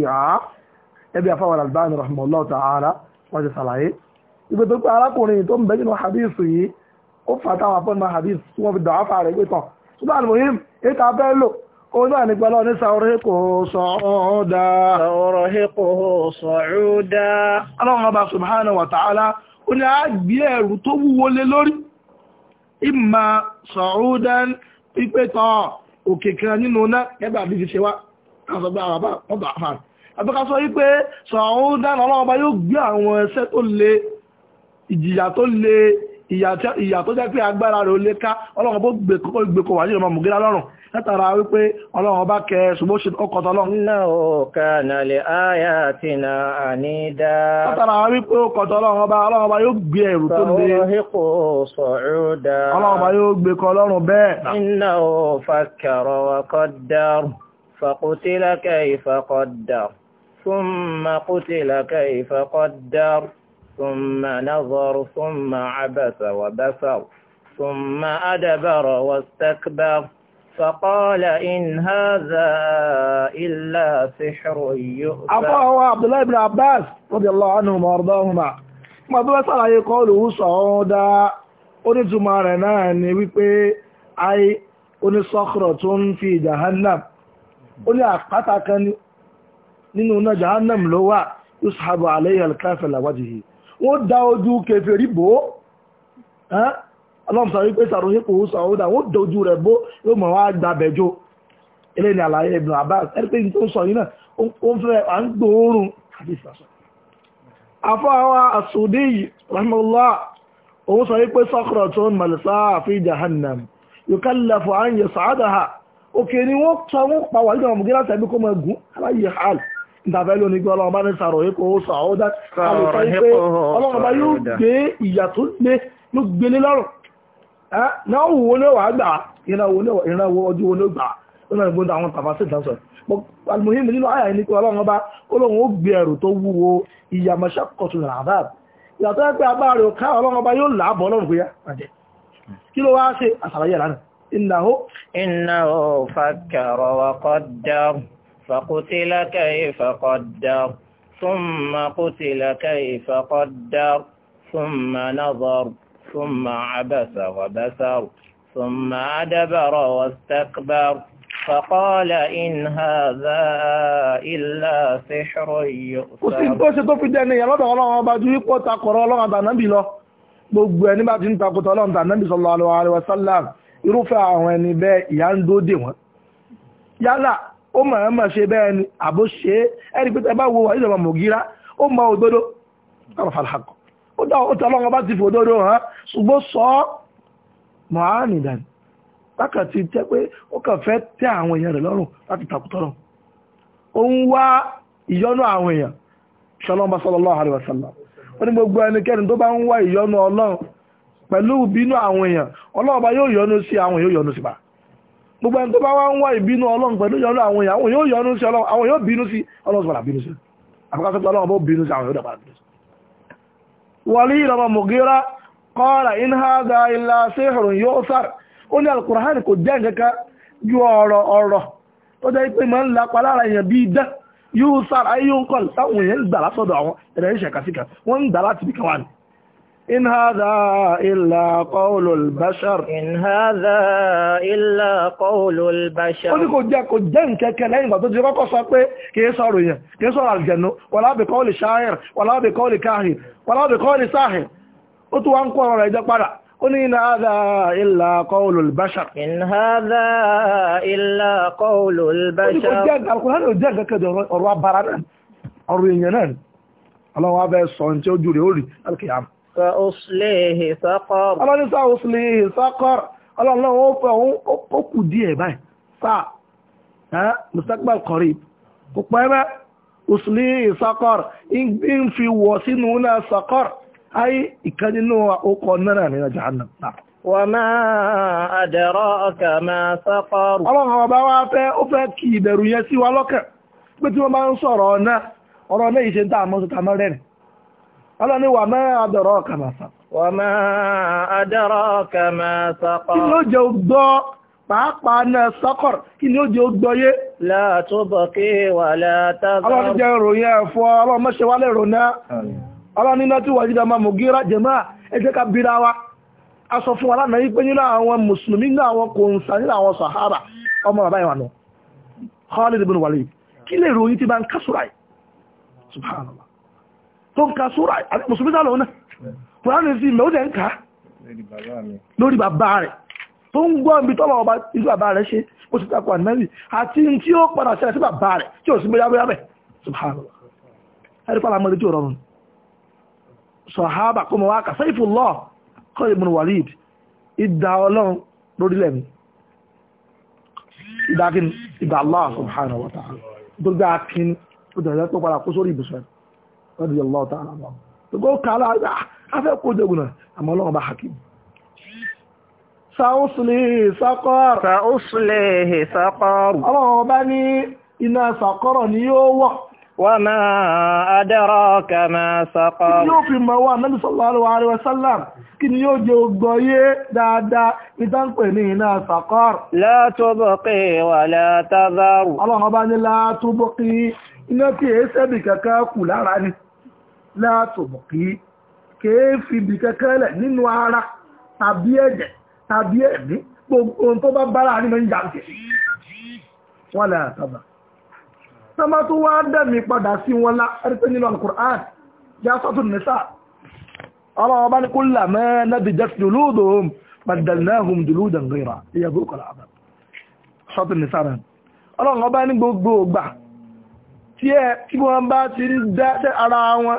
ìhà ẹbí afáwọn Albani rahimahullahu ta'ala wọ́n ti sàlàyé ìgbé tó pé arákùnrin tó ń bẹ nínú hadith yìí ó fà táwọn afọ́nà hadith tí wọ́n fi dọ̀wá fà rẹ̀ pé tán ṣùgbọ́n àlùmọ́yìn ètò abẹ́ lò òun náà ní pẹ̀lú ọ̀nìṣà orí kò sọ̀ọ́dá ọ̀rọ̀hẹ́ kò ní àgbé àtọ́kásọ́ yí pé sọ̀rọ̀ dáná ọlọ́run bá yóò gbé àwọn ẹsẹ̀ tó le ìjìyà tó le ìyà tó jẹ́ pé agbára rẹ̀ ó lé ká ọlọ́run bó gbèkọ̀ wà nínú ọmọ mùgílá lọ́rùn látara wípé ọlọ́run bá kẹ ṣùgbọ́n ṣe ọkọ̀ tọ́lọ́run. náà ọ̀kà nàlẹ̀ àyà àti nà ànídá. látara wípé ọkọ̀ tọ́lọ́run ọba ọlọ́run bá yóò gbé ẹ̀rù tó lé. ọlọ́run bá yóò gbé kọ ọlọ́run bẹ́ẹ̀. iná ò fa kẹrọ ọkọ̀ dárù. فقتل كيف قدر ثم قتل كيف قدر ثم نظر ثم عبس وبصر ثم أدبر واستكبر فقال إن هذا إلا سحر يؤثر أبوه عبد الله بن عباس رضي الله عنهما وارضاهما ما بس على يقوله صعودا onítùmọ̀ rẹ̀ náà ni wípé ai onísọ́kọ̀rọ̀ tó ń ó ní àpáta kan nínú iná jahannam ló wà yusufu alayhi alkafe lawajihi wọ́n dá ojú kẹfẹ́rí bò ó ọlọ́mùsọ wípé sàròyìn kò ó sàúdà wọ́n dojú rẹ̀ bó yóò mọ̀ wá gbàbẹ̀jọ́ ilé ní àlàyé Ibn Abbas ẹgbẹ́ tó ń sọ yìí náà ó fẹ́ à ń gbòórùn òkè ni wọ́n sọ wọ́n pa wà nígbà mọ̀gí láti ẹbí kó mọ̀ ẹ̀gún aláyè hàn ìtàfẹ́ lónìí pé ọlọ́run bá ní sàrọ̀ èkó sọ àwọn dá àlùfáà pé ọlọ́run bá yóò gbé ìyà tó gbé ló gbélé lọ́rùn náà wò ó léwà gbà ìrànwọ́ ọjọ́ wo ló gbà ó náà gbóńdà àwọn tàfà sí ìtànsọ̀ almuhim nínú àyà ní pé ọlọ́run bá olóhun ó gbé ẹrù tó kí ló wá ṣe àṣàlàyé lánàá إنه إنه فكر وقدر فقتل كيف قدر ثم قتل كيف قدر ثم نظر ثم عبس وبسر ثم أدبر واستكبر فقال إن هذا إلا سحر يؤثر ó sì ń tó ṣe tó fi dẹni ìyà lọ́dọ̀ ọlọ́run ọba ju ipò takọ̀rọ̀ ọlọ́run àtànábì lọ gbogbo ẹni bá ti ń takọ̀tọ̀ ọlọ́run àtànábì sallallahu alaihi wasallam irúfẹ́ àwọn ẹni bẹ́ẹ̀ ìyá ń dó dè wọ́n yálà ó mọ̀ mọ̀ ṣe bẹ́ẹ̀ ni àbó ṣe é ẹni pé tẹ́bá wo wàá ìjọba mọ̀gíra ó mọ òdodo káwọn falakọ ó dá òtọ́ ọlọ́run bá ti fòdodo hàn ṣùgbọ́n sọ ọ́ mọ̀hánì dàní lákàn ti jẹ́ pé ó kàn fẹ́ tẹ́ àwọn èèyàn rẹ̀ lọ́rùn láti ó ń wá àwọn èèyàn gbogbo pẹ̀lú ìbínú àwọn èèyàn ọlọ́ọ̀bá yóò yọnu sí àwọn yóò yọnu sí bá gbogbo ẹni tó bá wá ń wá ìbínú ọlọ́run pẹ̀lú yọnu àwọn èèyàn àwọn yóò yọnu sí ọlọ́run àwọn yóò bínú sí ọlọ́run sọ̀rọ̀ bínú sí àfikàsọ́ pé ọlọ́run bó bínú sí àwọn yóò bínú sí. wọlé ilá yóò sàr ó ní alukurahani kò jẹ́ ju ọ̀rọ̀ ọ̀rọ̀ tó jẹ́ pé إن هذا إلا قول البشر إن هذا إلا قول البشر ó ní kò jẹ́ kò jẹ́ nkẹ́kẹ́ lẹ́yìn ìgbà tó ti kọ́kọ́ sọ pé kìí sọ̀rọ̀ yẹn kìí sọ̀rọ̀ àlùjẹ̀nu wàlá bí kọ́ọ̀lì ṣááyẹ̀r wàlá bí kọ́ọ̀lì káhìn wàlá bí kọ́ọ̀lì sáhìn ó tún wá ń kọ́ ọ̀rọ̀ rẹ̀ jẹ́ padà ó ní إن هذا إلا قول البشر إن هذا إلا قول البشر ó ní kò jẹ́ àlùkùnrin ó jẹ́ nkẹ́kẹ́ ọ̀rọ̀ abara náà ọ̀rọ̀ èèyàn náà ọlọ́wọ́ abẹ́ sọ ní tí ó jù rẹ̀ ó rí alkiyama kàọ́sílẹ̀ ìsákọ̀r. ọlọ́ni sáà ọ̀sílẹ̀ ìsákọ̀r ọlọ́run náà ó fẹ́ òun ó kù díẹ̀ báyìí sáà mustaqbal qarib kò pẹ́ bẹ́ ọ̀sílẹ̀ ìsákọ̀r ń fi wọ̀ sínú náà sàkọ̀r ayé ìkan nínú okọ̀ náà nínú jahannam náà. wà máa àdẹ̀rọ̀ ọkà máa sàkọ̀r. ọlọ́run ọba wa fẹ́ ó fẹ́ kí ìbẹ̀rù yẹn sí wa lọ́kàn pé tí wọ́n bá ń sọ̀rọ̀ náà ọ̀rọ̀ náà ọlọ́ni wà máa adọ̀rọ̀ kàmà sàkọ̀. wà máa adọ̀rọ̀ kàmà sàkọ̀. kí ló jẹ́ gbọ́ pàápàá náà sọ́kọ̀rọ̀ kí ni ó jẹ́ gbọ́yé. látúbọ̀ kí wà látàbọ̀. ọlọ́ni jẹ́ ìròyìn ẹ̀fọ́ ọlọ́mọṣẹ́ wálé ìrònà ọlọ́ni náà tí wà jídá máa mùgíra jẹ̀mọ́ ẹ jẹ́ ká bíra wa a sọ fún wa lánàá yí pé nínú àwọn mùsùlùmí nínú àwọn tó ń ka súra àti mùsùlùmí sálọ náà kùránì sí ìmẹ̀ ó dẹ̀ ń ká lórí bàbá rẹ̀ tó ń gbọ́ ibi tọ́lọ̀ ọba ìlú bàbá rẹ̀ ṣe ó ti takò ànẹ́bì àti tí ó padà ṣẹlẹ̀ sí bàbá rẹ̀ tí ó sì mú yábẹ́ yábẹ́ subhanallah ẹ̀rí pàlà mọ́ tí ó rọrùn sọ̀hábà kó mọ̀ wá kà Saifullah Khalid ibn Walid ìdá Allah subhanahu wa ta'ala gbogbo akin ó dẹ̀ padà kó sórí ibùsùn lọ́dí ọlọ́ọ̀ tá àlọ́ gbogbo kààlà afẹ́ kó jogun náà ah, àmọ́ ọlọ́run bá hakim sàúsùlẹ̀ sàkọ́rọ̀ sàúsùlẹ̀ sàkọ́rọ̀ ọlọ́run bá ní iná sàkọ́rọ̀ ni yóò wọ̀ وما أدراك ما سقر kí ni yóò fi mọ̀ wá Ànábì sallallahu alaihi dáadáa ní táǹpẹ̀ ní iná saqar لا تبقي ولا ọlọ́run ọba ní لا iná tí èé sẹ́bì kankan kù lára ni látòbùkí kéèfì bì kẹ́kẹ́lẹ̀ nínú ara tàbí ẹ̀jẹ̀ tàbí ẹ̀mí gbogbo ohun tó bá bára ní mọ́ ń jà òkè wọ́n lè àtàbà sọ́mọ́ tó wá dẹ̀mí padà sí wọn lá ẹ̀rẹ́tẹ́ nínú alukur'an já sọ́tún nìsà ọlọ́wọ́ bá ní kó là mẹ́ nábì jẹ́sì olóòdòm badalnahum juludan ti ara wọn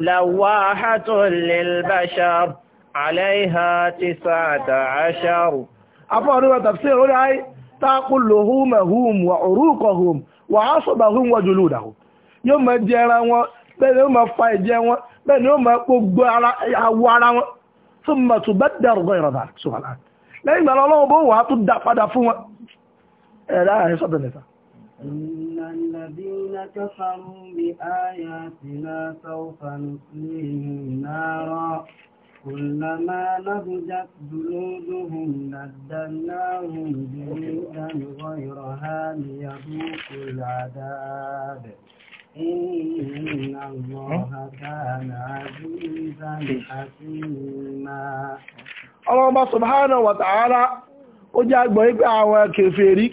لواحة للبشر عليها تسعة عشر أفعلوا تفسير هنا تأكل لهومهم وعروقهم وعصبهم وجلودهم يوم جيران bẹ́ẹ̀ ni ó máa fa ẹ̀jẹ̀ wọn bẹ́ẹ̀ ni ó máa gbogbo àwọ̀ ara wọn tó máa tó bá dẹ̀rọ̀gọ́ ìrọ̀dà ṣùgbọ́n lẹ́yìn ìgbà lọ́wọ́ bó wà á tún dá padà fún wọn ẹ̀rá àìsọ̀tẹ̀lẹ̀ta إن الذين كفروا بآياتنا سوف نصليهم نارا كلما نضجت جلودهم بدلناهم جلودا غيرها ليذوقوا العذاب إن الله كان عزيزا حكيما الله سبحانه وتعالى ó jẹ́ àgbọ̀ wípé àwọn kèfèrí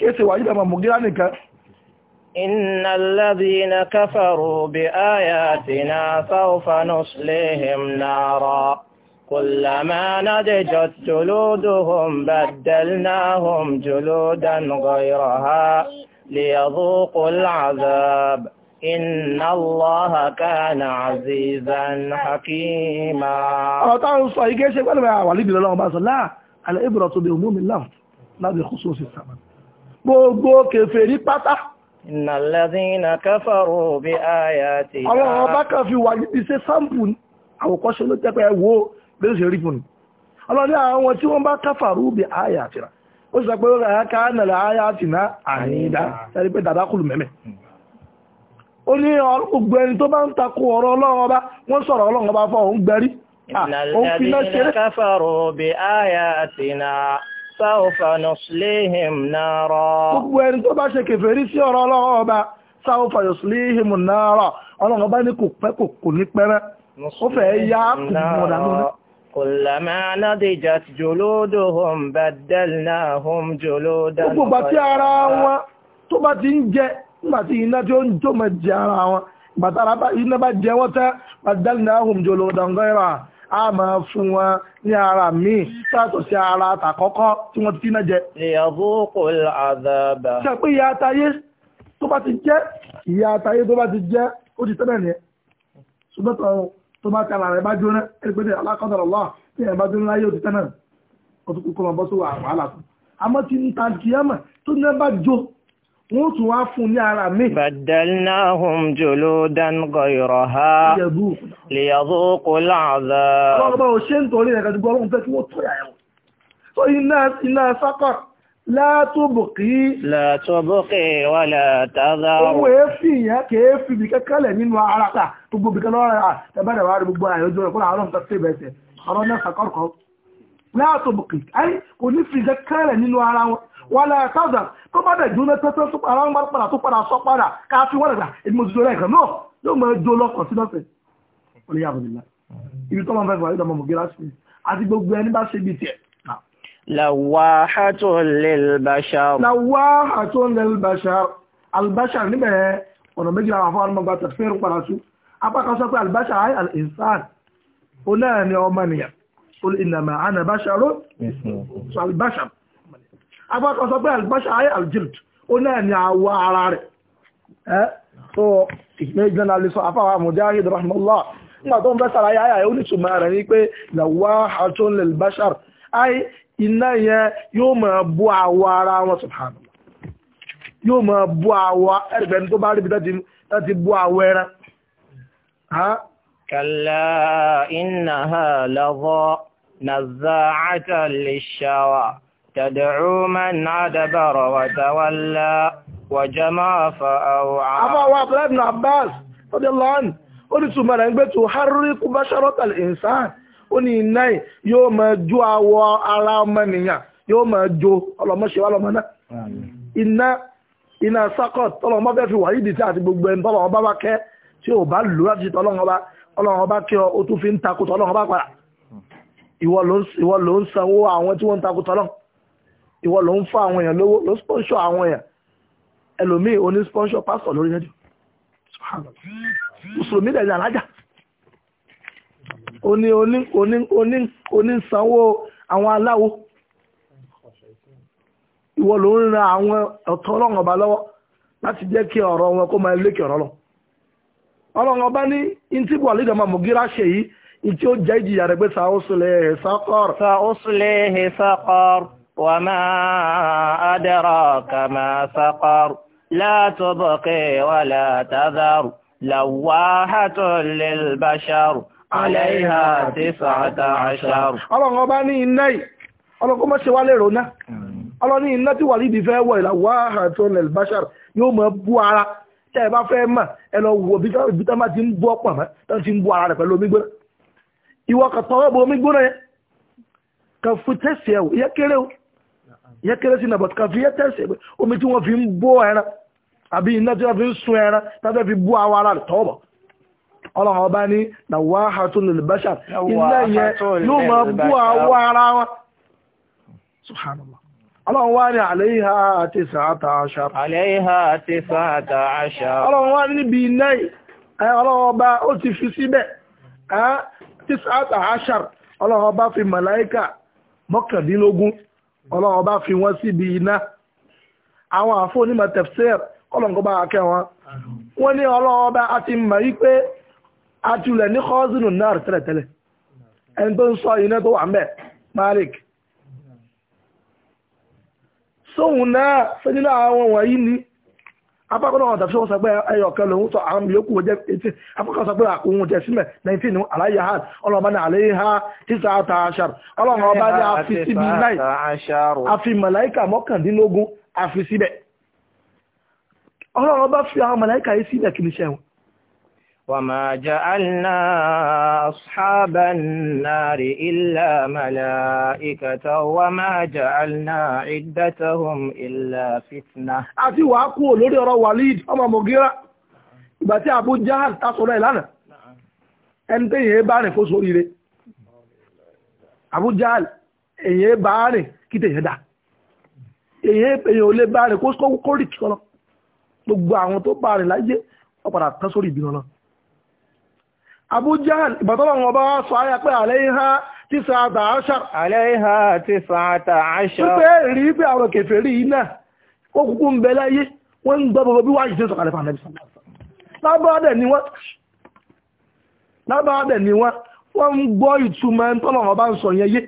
إن الذين كفروا بآياتنا سوف نصليهم نارا كلما نضجت جلودهم بدلناهم جلودا غيرها ليذوقوا العذاب إن الله كان عزيزا حكيما أطعوا صحيح كيف وأنا أعوالي بلا الله بأس على الإبرة بهموم اللفظ لا بخصوص بو بو كفري pátá Inna alladhina kafaru bi ayatina. Àwọn ọba kan fi wà níbi ṣe sáǹpù àwòkọ́ṣe ló jẹ́ pé ẹ wo bí ó ṣe rí fún un. Ọlọ́ni àwọn o wọ́n bá kafaru bi ayatina. Ó sọ pé ó rà ká nàlẹ̀ ayatina ànídá. ọba kafaru bi ayatina. sáòfà nọ̀síléhìm náírà. gbogbo ẹni tó bá ṣe kèfèrí sí ọ̀rọ̀ ọlọ́run ọba sáòfà nọ̀síléhìm náírà ọlọ́run ọba ní kò pẹ́ kò kò ní pẹ́rẹ́ ó fẹ́ yá kùnmọ̀ dànù ní. kùlàmà nádìjà jòlódò hom bàdẹ́lá hom jòlódà. gbogbo ìgbà a máa fún wọn ní ara míì sàtọ̀ sí ara àtàkọ́kọ́ tí wọ́n ti fínà jẹ. ìyàwó kò láàdàbà. ṣe pé ìyà àtayé tó bá ti jẹ́ ìyà àtayé tó bá ti jẹ́ ó ti tẹ́lẹ̀ nìyẹn ṣùgbọ́n tó bá ti ara rẹ̀ bá jóná ẹgbẹ́dẹ̀ alákọ̀dọ̀rọ̀ lọ́wọ́ tí ẹ̀ bá jóná láyé ó wọ́n tún wá fún ní ara mi. Bàdàlnáhùn juludan ghayraha liyadhuqu al'adhab. Ọlọ́gbà ò ṣe ń torí ẹ̀ka dùgbọ́ ọlọ́run fẹ́ kí wọ́n tó yàyà wọn. Tó iná sákọ̀ látúbùkí. Látúbùkí wà látàdá. Owó èéfì yẹn kèé fi bì kẹ́kẹ́lẹ̀ nínú ara ta gbogbo bì kẹ́lọ́ ara ẹ̀bẹ̀rẹ̀ wà gbogbo àyọjọ́ rẹ̀ kó làwọn ọlọ́run tẹ́ bẹ̀ẹ̀sẹ̀ tó bá dẹ̀ jóná tẹ́tẹ́ tó ara ń padà tó padà sọ padà ká fi wọ́n dàgbà èdè mo ti jọ lẹ́ẹ̀kan náà yóò máa jó lọ́kàn sí lọ́sẹ̀ olè yàgò nílá ibi tó fẹ́ fà yóò máa ọ̀nà méjìlá àwọn afọ́ ọmọ gbàtà fẹ́rù padà sí apá sọ pé albashar ayé al-insan ó náà ní ọmọ nìyà ó lè nàmà ànàbàṣàró albashar agbákan sọ pé àlùbáṣà ayé aljilt ó náà ni àwọ̀ ara rẹ̀ ẹ́ tó ìgbẹ́jọ́ náà lè sọ àfáwà mujahid rahmanullah nígbà tó ń bẹ́ sàrà ayé ayé onítùmọ̀ rẹ̀ ní pé làwọ̀ àtún lil bashar ayé iná yẹn yóò máa bú àwọ̀ ara كلا إنها لظى نزاعة للشوى تدعو من أدبر وتولى وجمع فأوعى أبا وعبد بن عباس رضي الله عنه orísùnmọ̀ rẹ̀ ń gbé tó harriku basharotal insan ó ní iná yóò máa jó awọ ara ọmọnìyàn yóò máa jó ọlọ́mọṣẹ́wá lọ́mọ náà iná iná sakot tọ́lọ́mọ fẹ́ fi wàyídìí tí àti gbogbo ẹni tọ́lọ́mọ bá bá kẹ́ tí ò bá lù láti ṣe tọ́lọ́mọ bá ọlọ́mọ bá kẹ́ fi ń takò tọ́lọ́mọ bá padà ìwọ ló ń sanwó àwọn tí wọ́n ń takò tọ́lọ́mọ ìwọ ló ń fún àwọn èèyàn lówó ló sponsor àwọn èèyàn ẹlòmíì oní sponsor pastor lórí rédíò mùsùlùmí dẹ̀ ní alájà oní oní oní oní oní sanwó àwọn aláwo ìwọ ló ń ran àwọn ọ̀tọ̀ ọlọ́run ọba lọ́wọ́ láti jẹ́ kí ọ̀rọ̀ wọn kó máa lékè ọ̀rọ̀ lọ ọlọ́run ọba ní ntí buhari dàmà mùgírà ṣe yìí ntí ó jẹ́ ìjìyà rẹ̀ pé sàósùlẹ̀ sàkọ́r. sàósùlẹ̀ sàkọ́r. وما أدراك ما سقر لا تبقي ولا تذر لواحة للبشر عليها تسعة عشر الله غباني الناي الله كما سوى لرونا الله ني الناتي والدي فيه ولواحة للبشر يوم أبو على tẹ́ ẹ bá fẹ́ mọ̀ ẹ lọ wo bí tán bá ti ń bú ọ̀pọ̀ mọ́ tán ti ń bú ara rẹ̀ pẹ̀lú ìyẹn kéré sí nàbọ̀tí kan fi yẹ tẹ̀sẹ̀ pé omi tí wọ́n fi ń bó ẹran àbí iná tí wọ́n fi ń sun ẹran tàbí fi bó awọ ara rẹ̀ tọ́wọ̀ ọlọ́run ọba ní nàwọ́ àtún lè bẹ́ṣà iná yẹn yóò máa bó awọ ara wọn subhanallah ọlọ́run wá ní àléhà àti sàátà àṣàrà àléhà àti sàátà àṣàrà ọlọ́run wá níbi iná yìí ọlọ́run ọba ó ti fi síbẹ̀ tí sàátà àṣàrà ọlọ́run ọba fi màláíkà mọ́kàndínlógún ọlọ́run bá fi wọ́n síbi iná àwọn àfọ onímọ̀ tafsir kọ́lọ̀ǹkọ́ bá kẹ́ wọn wọ́n ní ọlọ́run bá a ti mọ̀ wípé a ti lẹ̀ ní kọ́sínù náà tẹ́lẹ̀tẹ́lẹ̀ ẹni tó ń sọ iná tó wà mẹ́ Malik sóhun náà sẹ́ni náà àwọn wọ̀nyí ni apákan náà tàbí sọ pé ẹyọ kan lòun sọ àwọn yòókù wọ́n jẹ́ eighteen sọ pé òun jẹ́ sílẹ̀ nineteen ní aláyà ha ọlọ́ọ̀bá ní ha àtà àṣàrò ọlọ́ọ̀bá ní àfi síbi àfi mọ́kàndínlógún àfi síbẹ̀ ọlọ́ọ̀bá fi àwọn yìí síbẹ̀ kì í وما جعلنا أصحاب النار إلا ملائكة وما جعلنا عدتهم إلا فتنة àti wàá kú lórí ọ̀rọ̀ Walid ọmọ Mugira ìgbà tí Abu Jahal tásọ̀rọ̀ ìlànà ẹni tí èyàn bá rìn kó sórí rẹ̀ Abu Jahal èyàn bá rìn kí tèyàn dá èyàn ò lè bá rìn kó rí kí ọlọ gbogbo àwọn tó bá rìn láyé ọ̀padà tán sórí ìbínú náà abújáhàn ìbàtọ́lọ̀wọ̀n bá sọ ayá pé àlẹ́yìnhá tí sàátà àṣàr àlẹ́yìnhá tí sàátà àṣàr pípẹ́ rí pé àwọn kèfèrí rí iná ó kúkú ń bẹ láyé wọ́n ń gbọ́ bọ́bọ́ bí wáyé tí sọ̀kalẹ̀ fún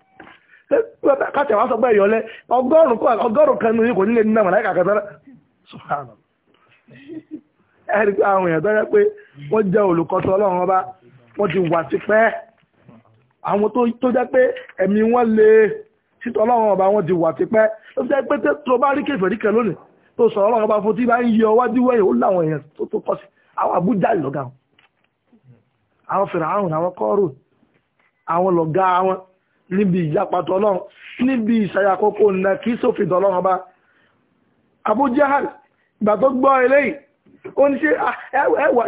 káàtì àwọn sọgbọ́ ẹ̀yọ́lẹ́ ọgọ́rùn kan ní kò nílé nínú àmàlà kàkàtàrà ṣùgbọ́n ẹ̀rí pé àwọn èèyàn tọ́jọ́ pé wọ́n jẹ́ olùkọ́tọ̀ ọlọ́run ọba wọ́n ti wà ti pẹ́ àwọn tó jẹ́ pé ẹ̀mí wọn lè títọ́ ọlọ́run ọba wọ́n ti wà ti pẹ́ tó jẹ́ pé tó bá rí kẹfẹ́ ríkẹ lónìí tó sọ ọlọ́run ọba fún tí bá ń yẹ ọwájú wẹ̀yìn ó láwọn èèyàn tó kọ́ sí àwọn àbújá ìlọ́gà àwọn fèrè àwọn àwọn kọ́ọ̀rù àwọn lọ́gá àwọn níbi ìyapàtọ̀ ọlọ́run níbi ìṣàyàkókò nà kí sófin tọ́lọ́run ọba Abu Jahal ìgbà tó gbọ́ eléyìí ó ní ṣe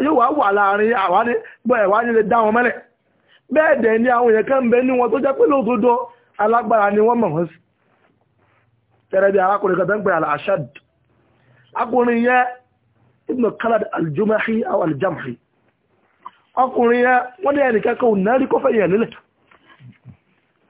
yóò wá wà láàrin àwa ní gbọ́ ẹ̀wá ní lè dá wọn mẹ́lẹ̀ bẹ́ẹ̀ dẹ̀ ni àwọn èèyàn kan ń bẹ ní wọn tó jẹ́ pé lóòótọ́ alágbára ni wọ́n mọ̀ wọ́n sí tẹ́rẹ́ bí arákùnrin kan tó ń pè al-Ashad akùnrin yẹn Ibn Khalad al-Jumahi aw ọkùnrin yẹn wọ́n ní ẹnìkẹ́kọ̀ọ́ náà kọ́fẹ́ yẹn nílẹ̀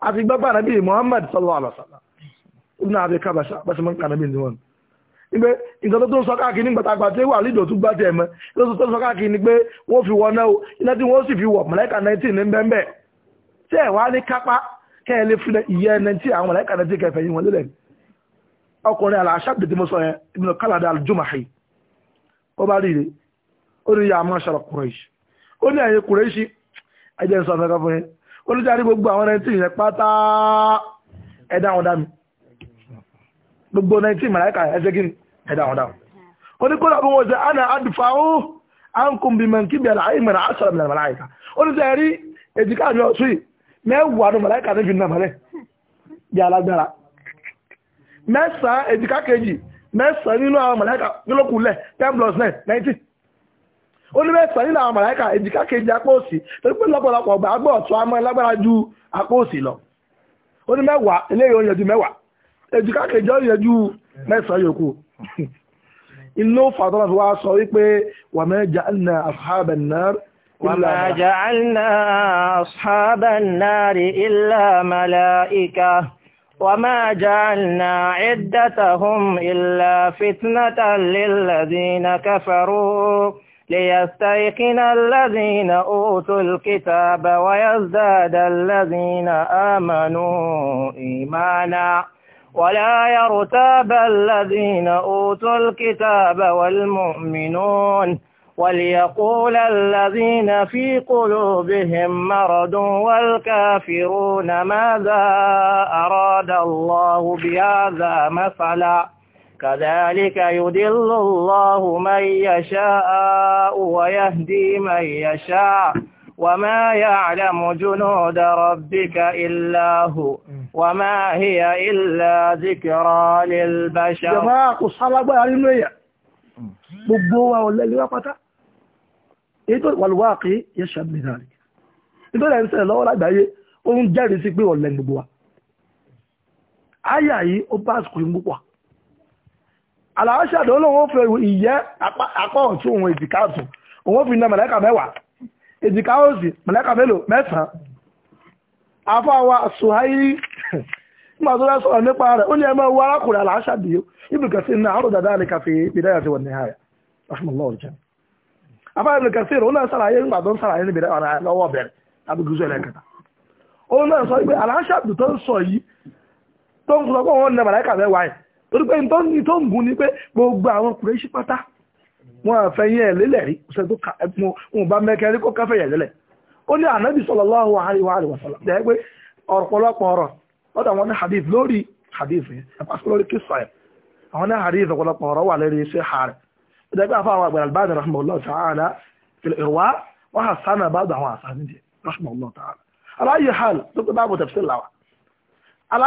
àti gbọ́gbà nàbí Muhammad sallallahu alaihi wasallam ibn abi kabasha bàtí mọ́ nǹkan nàbí ni wọn nígbẹ́ nǹkan tó tó ń sọ káàkiri nígbà tá a gbà tí wà lídò tó gbà tẹ̀ ni pé wọ́n fi wọ́n náà iná tí wọ́n sì fi wọ̀ mọ̀lẹ́kà 19 ní bẹ́ẹ̀ tí ẹ̀ wá ní kápá kẹ́ ẹ lè fi ìyẹ́ 19 àwọn mọ̀lẹ́kà 19 kẹfẹ́ yìí wọ́n lélẹ̀ ọkùnrin aláṣà bìtì mo sọ yẹn ibn Kalada al-Jumahi ó bá rí ní yà á ṣàrọ̀ Quraish ó ní ẹ̀yin Quraish ẹ̀jẹ̀ ń sọ fẹ́ ká olùdarí gbogbo àwọn nineteen yẹn pátá ẹ̀dá wọn dá mi gbogbo nineteen màláìka ẹsẹ̀ kí ni ẹ̀dá wọn dá wọn. ó ní kó dàbí wọn ṣe àná àdùfà ó àǹkùn bí mọ̀ nkíbi àlà àyè mẹ́ra àṣọ̀rọ̀ mẹ́ra màláìka ó ní sẹ́yìn rí èjìká àjọ ọ̀tún yìí mẹ́wàá ní màláìka ní fi nà mọ́lẹ̀ bí alágbára mẹ́sàn-án èjìká kejì mẹ́sàn-án nínú àwọn màláìka nílòkulẹ̀ ten plus nine nineteen oníbẹ̀sán nínú àwọn màláìkà èjìká kejì apá òsì torí pé lọ́pọ̀lọpọ̀ ọgbà agbọ́ ọ̀tún amọ́ lágbára ju apá òsì lọ onímẹ́wàá eléyìí ó yanjú mẹ́wàá èjìká kejì ó yanjú mẹ́sàn-án yòókù inú fàtọ́nà fi wá sọ wípé wà mẹ́jà ní ashaban nar وما جعلنا عدتهم إلا فتنة للذين كفروا ليستيقن الذين أوتوا الكتاب ويزداد الذين آمنوا إيمانا ولا يرتاب الذين أوتوا الكتاب والمؤمنون وليقول الذين في قلوبهم مرض والكافرون ماذا أراد الله بهذا مثلا كذلك يدل الله من يشاء ويهدي من يشاء وما يعلم جنود ربك إلا هو وما هي إلا ذكرى للبشر جماعة الصلاة علمية بقوة والليل وقتا والواقع يشهد لذلك ìbẹ̀rẹ̀ ẹ̀ ń sẹ̀rẹ̀ lọ́wọ́ lágbàáyé ó ń jẹ́rìí sí pé ọ̀lẹ́ ala lóun ó fẹ́ ìyẹ́ apá ọ̀tún òun èjìká ọ̀tún òun fi na mọ̀lẹ́kà mẹ́wàá èjìká òsì mọ̀lẹ́kà mélòó mẹ́sàn-án afáwa suhaili nígbà tó fẹ́ sọ̀rọ̀ nípa rẹ̀ ó ní ẹmọ owó arákùnrin aláṣàdó ibùkẹ́ sí iná àrò dada nìkan fi bìdáyà ti wọ̀ ní torí pé ní tó ń gùn ni pé gbogbo àwọn kùrẹ́ sí pátá wọn àfẹ́yìn ẹ̀ lélẹ̀ rí kò sẹ́ni tó ka ẹ̀kún wọn bá mẹ́kẹ́ rí kó káfẹ́ yẹ̀ lélẹ̀ ó ní ànábì sallallahu alaihi wa sallam dẹ́ pé ọ̀pọ̀lọpọ̀ ọ̀rọ̀ lọ́dọ̀ àwọn ní hadith lórí hadith yẹn àpasọ́ lórí kí sọ̀yẹ̀ àwọn ní hadith ọ̀pọ̀lọpọ̀ ọ̀rọ̀ wà lórí iṣẹ́ ààrẹ ìdá pé àfa àwọn àgbẹ̀rẹ̀ albani rahimahullah ta'ala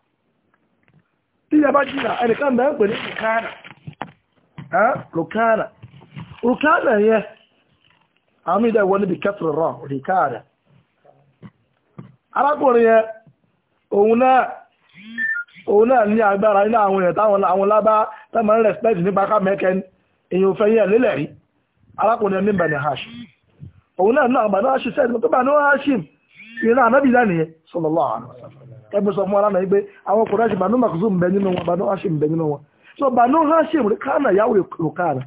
tíjà bá jìnà ẹnìkan bẹ̀rẹ̀ pẹ̀lú yẹ níbi kẹfìrì arákùnrin yẹ òun náà òun náà ní agbára nínú àwọn èèyàn táwọn àwọn lábá tẹ́mọ̀ ń respect nípa ká mẹ́kẹ́ èèyàn yẹ lélẹ̀ rí arákùnrin yẹ ní hash òun náà ní àwọn bàbá hash sẹ́yìn tó bá ní wọ́n hash ẹgbẹ́ sọ fún wa lánàá àwọn kò ráṣì bànú màkúzù ń nínú wọn bànú Hashim ń bẹ nínú wọn so bànú Hashim rí kánà yàwó ìkàrà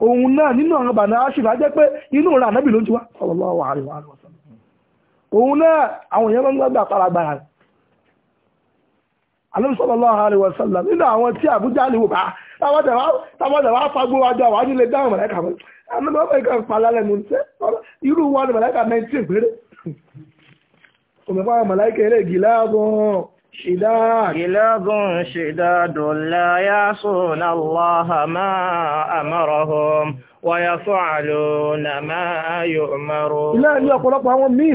òun náà nínú àwọn bànú Hashim á jẹ́ pé inú rẹ̀ ànábì ló ń ti wá sallallahu alaihi wa sallam òun náà àwọn èèyàn máa ń gbàgbà paragbára rẹ̀ ànábì sallallahu alaihi wa sallam nínú àwọn tí Àbújá lè wò bá irú wọn ni mọ̀lẹ́kà 19 péré òmìnira màláìkà ilé gíláàbùn ṣìdáàdù. gíláàbùn ṣìdáàdù láyá sùnà lọ́hà máa àmọ́rọ̀hùn wáyà fún àlùnà máa yóò mọ́rọ̀. ilé ìlú ọ̀pọ̀lọpọ̀ àwọn míì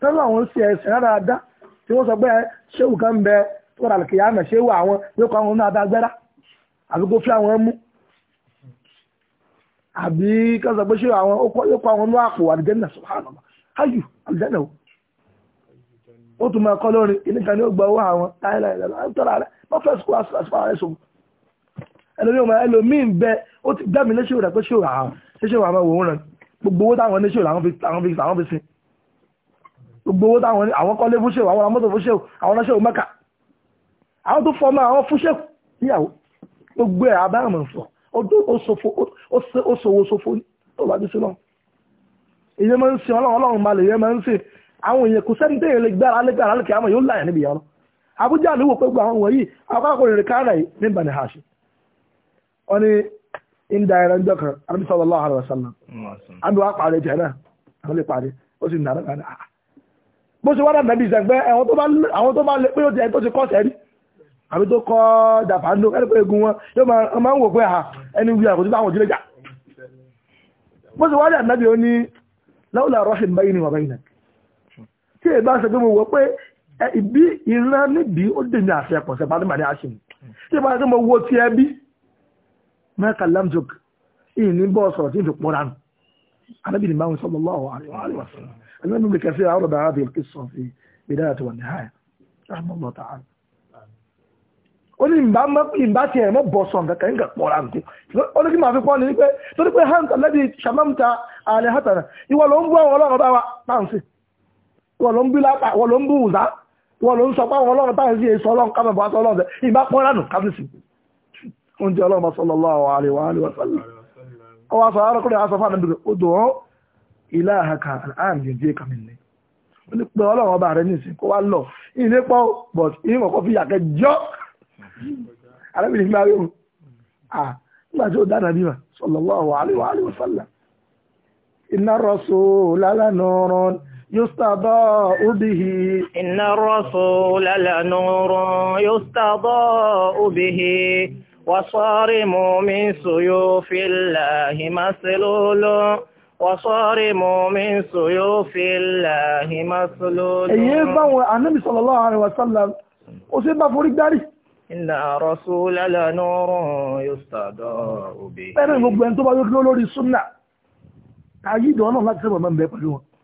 tẹ́lú àwọn sí ẹ̀sìn dáadáa tí wọ́n sọ pé ṣéwù kan bẹ tó wà lálẹ́ ó tún máa kọ́ lórin ìníkan ní ó gba owó àwọn láìláì lọ́la ń tọ́ra rẹ̀ wọ́n fẹ́ sùkú àṣùpá rẹ̀ sòwò ẹlòmí ọmọ ẹlòmíín bẹ ó ti dá mi léṣe rẹ̀ pé ṣé òwà ṣe ṣe òwà àwọn òun rẹ̀ gbogbo owó táwọn léṣe àwọn fi àwọn fi sin gbogbo owó táwọn àwọn kọ́lé fún ṣèwà àwọn mọ́tò fún ṣèwò àwọn ọ̀nà ṣèwò mẹ́ka àwọn tó fọmọ àwọn fún ṣèwò níyàwó gbogbo ẹ̀ abáàmọ̀ sọ ó sòwò àwọn èèyàn kò sẹ́ni tẹ́yẹ̀ lè gbára lẹ́gbàrá lẹ́kẹ̀ àwọn yóò láyà níbi ìyá lọ Abuja ló wò pé gbogbo àwọn wọ̀nyí akọ́kọ́ rẹ̀ kára yìí ní Bani Hashim wọ́n ní ìdá ẹ̀rọ ìjọ kan Ànábì sallallahu alaihi wasallam àbí wàá parí ìjà náà àwọn lè parí ó sì nàrà nàrà ah, ah. bó ṣe wá dàbí ìṣẹ̀gbẹ́ àwọn tó bá lè pé ó ti ẹ̀ tó ti kọ́ sẹ́rí àbí tó kọ́ dàfàndó ẹni pé egun wọn yóò máa ń tí èyí bá ṣe pé mo wọ pé ibi ìran níbi ó dèmi àṣẹ pọ̀ṣẹ̀ bá nígbà ní àṣìmù tí èyí ṣe mo wo ti ẹbí mẹ́ka lamjok ìyìn bọ́ sọ̀rọ̀ tí ń fi pọ́nra nù anábì ní báwọn sọ́mọ́ lọ́wọ́ àríwá sọ́mọ́ anábì ní kẹfẹ́ àwọn ọ̀dà àbí ìlú sọ̀ fi bidaya tó wà ní àyà rahman allah ta'ala ó ní ìbá tiẹ̀ mọ́ bọ́ sọ̀rọ̀ kankan ń gà pọ́nra nù ó ní kí màá fi pọ́n torí pé hàn àlẹ́ hàtàrà ìwọ ló ń bú àwọn ọlọ́run wọ́n ló ń bú lápá wọ́n ló ń bú wùzá wọ́n ló ń sọ pé àwọn ọlọ́run táwọn sí èso ọlọ́run kábẹ̀ bọ́ ọlọ́run bẹ̀ ìbá pọ́n lánàá kábíyèsí oúnjẹ ọlọ́run sallallahu alaihi wa alihi wa sallam ó wá sọ arákùnrin aṣọ fún àdàbí ó dùn ọ́ ilé àhàkà àárín yẹn díẹ̀ kàmí ni ó ní pé ọlọ́run ọba يستضاء به إن الرسول لنور يستضاء به وصارم من سيوف الله مسلول وصارم من سيوف الله مسلول èyí báwọn anábì sallallahu alaihi wasallam ó sì bá forí gbárí إن الرسول لنور يستضاء به pẹ́rẹ́ gbogbo ẹni tó bá yóò dúró lórí súnà ayídọ̀ ọlọ́run láti sẹ́wọ̀n mọ́ ń bẹ pẹ̀lú wọn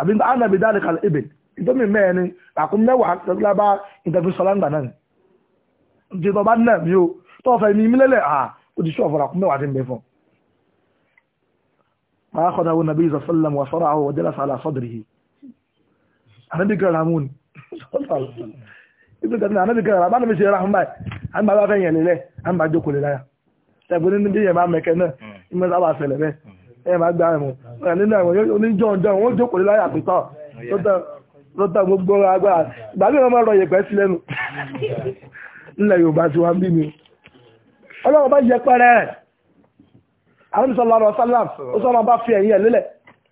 àbí ánàbí dáàlì kalẹ̀ ibè ìtọ́mì mẹ́ẹ̀ni àkún mẹ́wàá tẹ́lá bá ìtẹ̀fẹ́ sọláńgbà náà jẹ́tọ́ bá náà mi ó tọ́fẹ́ mi mílẹ̀lẹ̀ à ó ti ṣọ́ ọ̀fọ̀rọ̀ àkún mẹ́wàá ti ń bẹ fún. máa kọ́ dáwọn nàbí ìsọ̀sọ́lẹ̀m wà sọ́rọ̀ àwọn ọ̀jẹ́lá sàlà sọ́dìrì yìí ànábì kẹrẹ ramú ni ìgbésẹ̀ ànábì kẹrẹ ramú ẹ máa gba ẹ̀mù nínú ẹ̀mù oníjọ́ ọ̀dọ́ wọn jókòó lé láyà pípọ̀ lọ́tọ̀ gbogbo agbára ìgbà mí wọn máa rọ yẹ̀pẹ̀ sí lẹ́nu nílẹ̀ Yorùbá tí wọ́n bí mi Ọlọ́run bá yẹ pẹ́rẹ́ rẹ̀ àwọn ìṣọ̀lá ọ̀rọ̀ sálàm ó sọ́nà bá fi ẹ̀yìn ẹ̀ lélẹ̀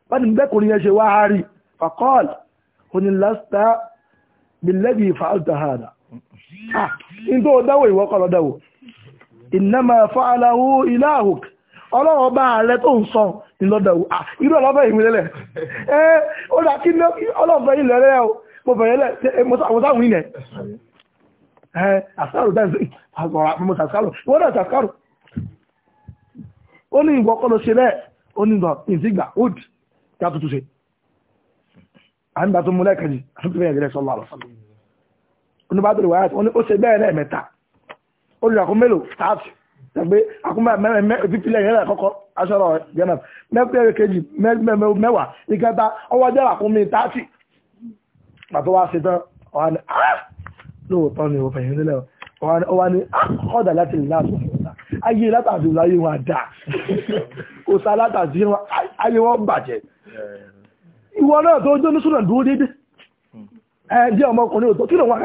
bá ti bẹ́kùnrin yẹn ṣe wá hárí fàkọ́ọ̀l onílásítà bìlẹ́bì fàáltà hàdà ọlọ́run ọba ààrẹ tó ń sọ ìlọ́dọ̀ irú ọlọ́fẹ́ ìmìlẹ̀lẹ̀ ẹ́ ó dá kí ọlọ́fẹ́ ìlẹ̀lẹ̀ o mo bẹ̀rẹ̀ lẹ̀ mo sáwọn ilẹ̀ ẹ́ àṣàrò dáìsí àgbọ̀rà mo sàṣàrò wọ́n náà sàṣàrò ó ní ìwọ kọ́lọ ṣe bẹ́ẹ̀ ó ní ìgbà ìsìgbà wood kí a tuntun ṣe à ń gbà tó mú lẹ́ẹ̀kejì àtúntò bẹ́ẹ̀ gẹ́gẹ́ sọ́lá rọ̀ oníbàdàn ìwà ó ṣe bẹ́ẹ̀ lẹ́ẹ̀mẹ́ta ó lè rà kó mélòó sáàtì tẹ̀gbé akúmọ̀ mẹ́rin fífilẹ̀ yẹn lẹ̀ kọ́kọ́ aṣọ́rọ̀ jẹ́nà mẹ́fẹ́ kejì mẹ́wàá ìkẹta ọwọ́ jẹ́ àkúnmí táàtì pàtó wá ṣetán ọwá ni ni òfin yìí ni ọ̀dà láti lè láàbò ayé látàbí láyé wọn dà ayé wọn ìwọ náà tó dúró ọmọkùnrin kí ló wà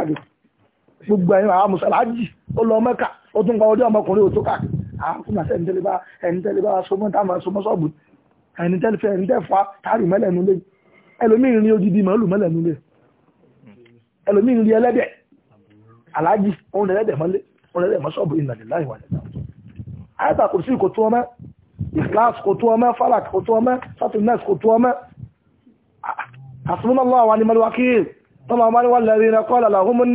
gbogbo ẹ̀yìn àwọn mùsàlájì ó lọ mẹ́kà ó tún kọ ọjọ́ ọmọkùnrin ò tó káàkiri àwọn fún àṣẹ ẹni tẹ́lẹ̀ bá ẹni tẹ́lẹ̀ bá sọmọ́ táwọn sọmọ́ sọ́ọ̀bù ẹni tẹ́lẹ̀ fẹ́ ẹni tẹ́ fa tààrí mẹ́lẹ̀ nulẹ̀ ẹlòmíì rí odidi màálù mẹ́lẹ̀ nulẹ̀ ẹlòmíì rí ẹlẹ́dẹ̀ aláàjì òun ẹlẹ́dẹ̀ mọ́lẹ̀ òun ẹlẹ́dẹ̀ mọ́ sọ́ọ̀bù ìnàdì láì wà nínú àyàtà kò sí kò tó ọmọ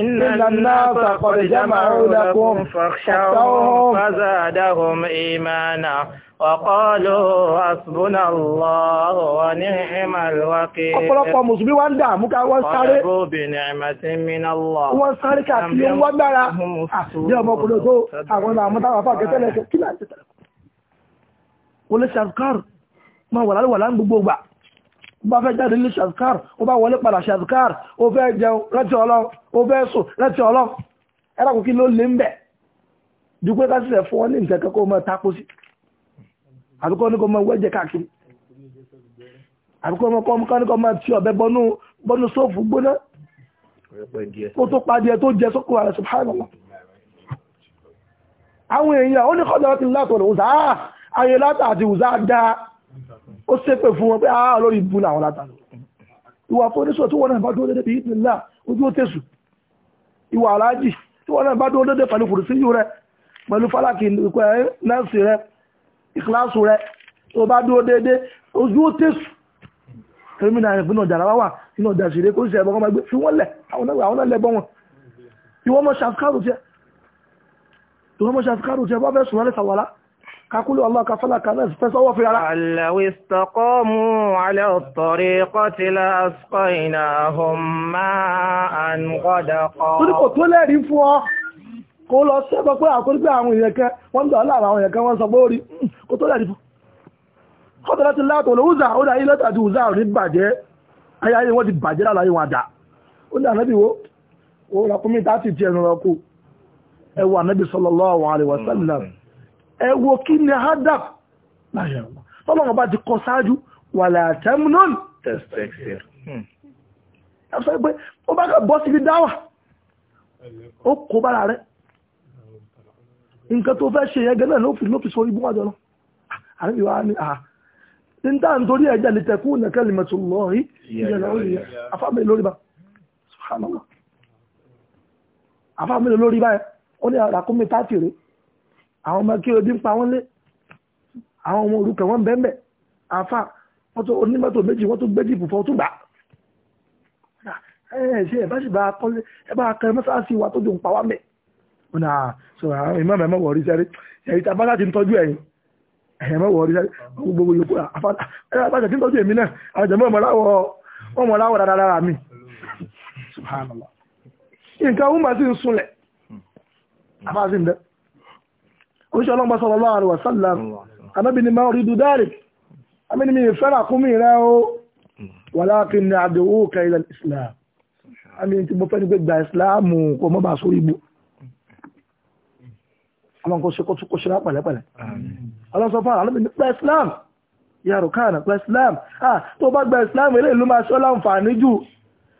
إن الناس قد جمعوا لكم فاخشوهم فزادهم إيمانا وقالوا حسبنا الله ونعم الوكيل ọ̀pọ̀lọpọ̀ mùsùlùmí wá ń dààmú ká wọ́n sáré wọ́n sáré káàkiri wọ́n dára ní ọmọkùnrin tó àwọn ọmọ àmọ́tàwà fà kẹtẹ́lẹ̀ kí láti tẹ̀lẹ̀ kò lè ṣàkàrù máa wà láwà láńgbogbo gbà bá fẹ́ jáde ní ṣàzkár ó bá wọlé padà ṣàzkár ó fẹ́ jẹun rántí ọlọ́run ó fẹ́ sùn rántí ọlọ́run ẹ̀rọ kí ló lè ń bẹ̀ ju pé ká sílẹ̀ fún ọ ní nǹkan kẹ́kọ̀ọ́ mọ́ tako sí àbíkọ́ ní kò mọ wẹ́jẹ káàkiri àbíkọ́ mọ́ kọ́ ní kò mọ tí ọ̀bẹ bọ́nú bọ́nú sóòfù gbóná kó tó padì ẹ tó jẹ sókò ààrẹ subhanallah àwọn èèyàn ó ní kọ́ ó ṣépè fún wọn pé ah lórí ibu làwọn látàlú ìwà fóníṣọ̀ tí wọ́n náà bá dúró dédé bíi ìpínlẹ̀ ojú ó tẹ̀sù ìwà aláàjì tí wọ́n náà bá dúró dédé pẹ̀lú kùrùsí yìí rẹ pẹ̀lú fálákì lẹ́ǹsì rẹ ìkíláàsù rẹ tó bá dúró dédé ojú ó tẹ̀sù kìrìmìnà rẹ̀ fún ọjà láwà nínú ọjà ṣeré kó ṣe ẹ̀bọ̀n gbé fi wọ́n lẹ̀ àwọn náà lẹ́bọ̀ wọn ìwọ́n mọ́ ṣàfikárù tí ẹ bá fẹ́ sùn lálẹ́ sàwọ́lá kakulu Allah ka falaka náà sì fẹ́sọ́wọ́ fi rárá. Àlàwí istaqamu ala tariqati la asqaynahum ma'an ghadaqa. Torí kò tó lẹ́rìí fún ọ, kò lọ sẹ́gbọ́ pé àkórí pé àwọn èèyàn kan wọ́n ń dọ̀ láàrín àwọn èèyàn kan wọ́n sọ pé ó rí kò tó lẹ́rìí fún. Kọ́tọ̀ láti látò lọ wúzà ó dá ilé tàbí wúzà rí bàjẹ́ ayé ayé wọ́n ti bàjẹ́ láàrín wọn àdá. Ó ní ànábì wo, ó rọkùnmí tá ẹ wo kí ni hadaf láyé ọmọ tọ́lọ́wọ́ bá ti kọ sáájú wà látẹ́mùnán tẹ́sítẹ́sítẹ́ ẹ sọ pé ó bá bọ́ síbi dáwà ó kó bára rẹ̀ nǹkan tó fẹ́ ṣe yẹn gẹ́lẹ́ ló fi ló fi so ibú wájọ lọ àríwí wa ni àá ah, níta nítorí ẹ̀jẹ̀ lè tẹ̀kú nìkan lè mẹ̀tò lọ́rí ìjẹ̀lẹ̀ orí yẹn afámi lórí bá subhanallah afámi lórí bá yẹn ó ní àràkúnmi tá àwọn ọmọ kí odi ń pa wọ́n lé àwọn ọmọ òrukàn wọ́n bẹ́ẹ̀ àfà wọ́n tó onímọ́tò méjì wọ́n tó gbé dìbò fọ́ tó gbà ẹ̀ ṣe ẹ̀ bá sì bá kọ́lé ẹ bá kẹrẹ mọ́sáàsì wa tó dùn pa wá mẹ́ wọn náà sọ àwọn ìmọ̀ mẹ́mọ́ wọ̀ rí sẹ́rí ẹ̀rí tá a bá láti ń tọ́jú ẹ̀yìn ẹ̀yìn mọ́ wọ̀ rí sẹ́rí gbogbo yòókù ẹ̀rọ àbájá tí ń tọ́jú subhanallah nǹkan ó máa sì ń sunlẹ̀ àbá sì oníṣẹ́ ọlọ́gbà sallallahu alaihi wasallam anábì ni máa rí dudari àmì ni mi fẹ́ràn àkúmí rẹ o hmm. walakin ni ad'uka ila islam hmm. àmì tí mo fẹ́ ní pé gba islam kò mọ́ bá sórí ibu àwọn kò ṣe kó tún kó ṣe lápẹ̀lẹ́pẹ̀lẹ́ ọlọ́sọ fún àwọn ní gba islam yàrá kàánà gba islam tó bá gba islam eléyìí ló máa ṣe láǹfààní jù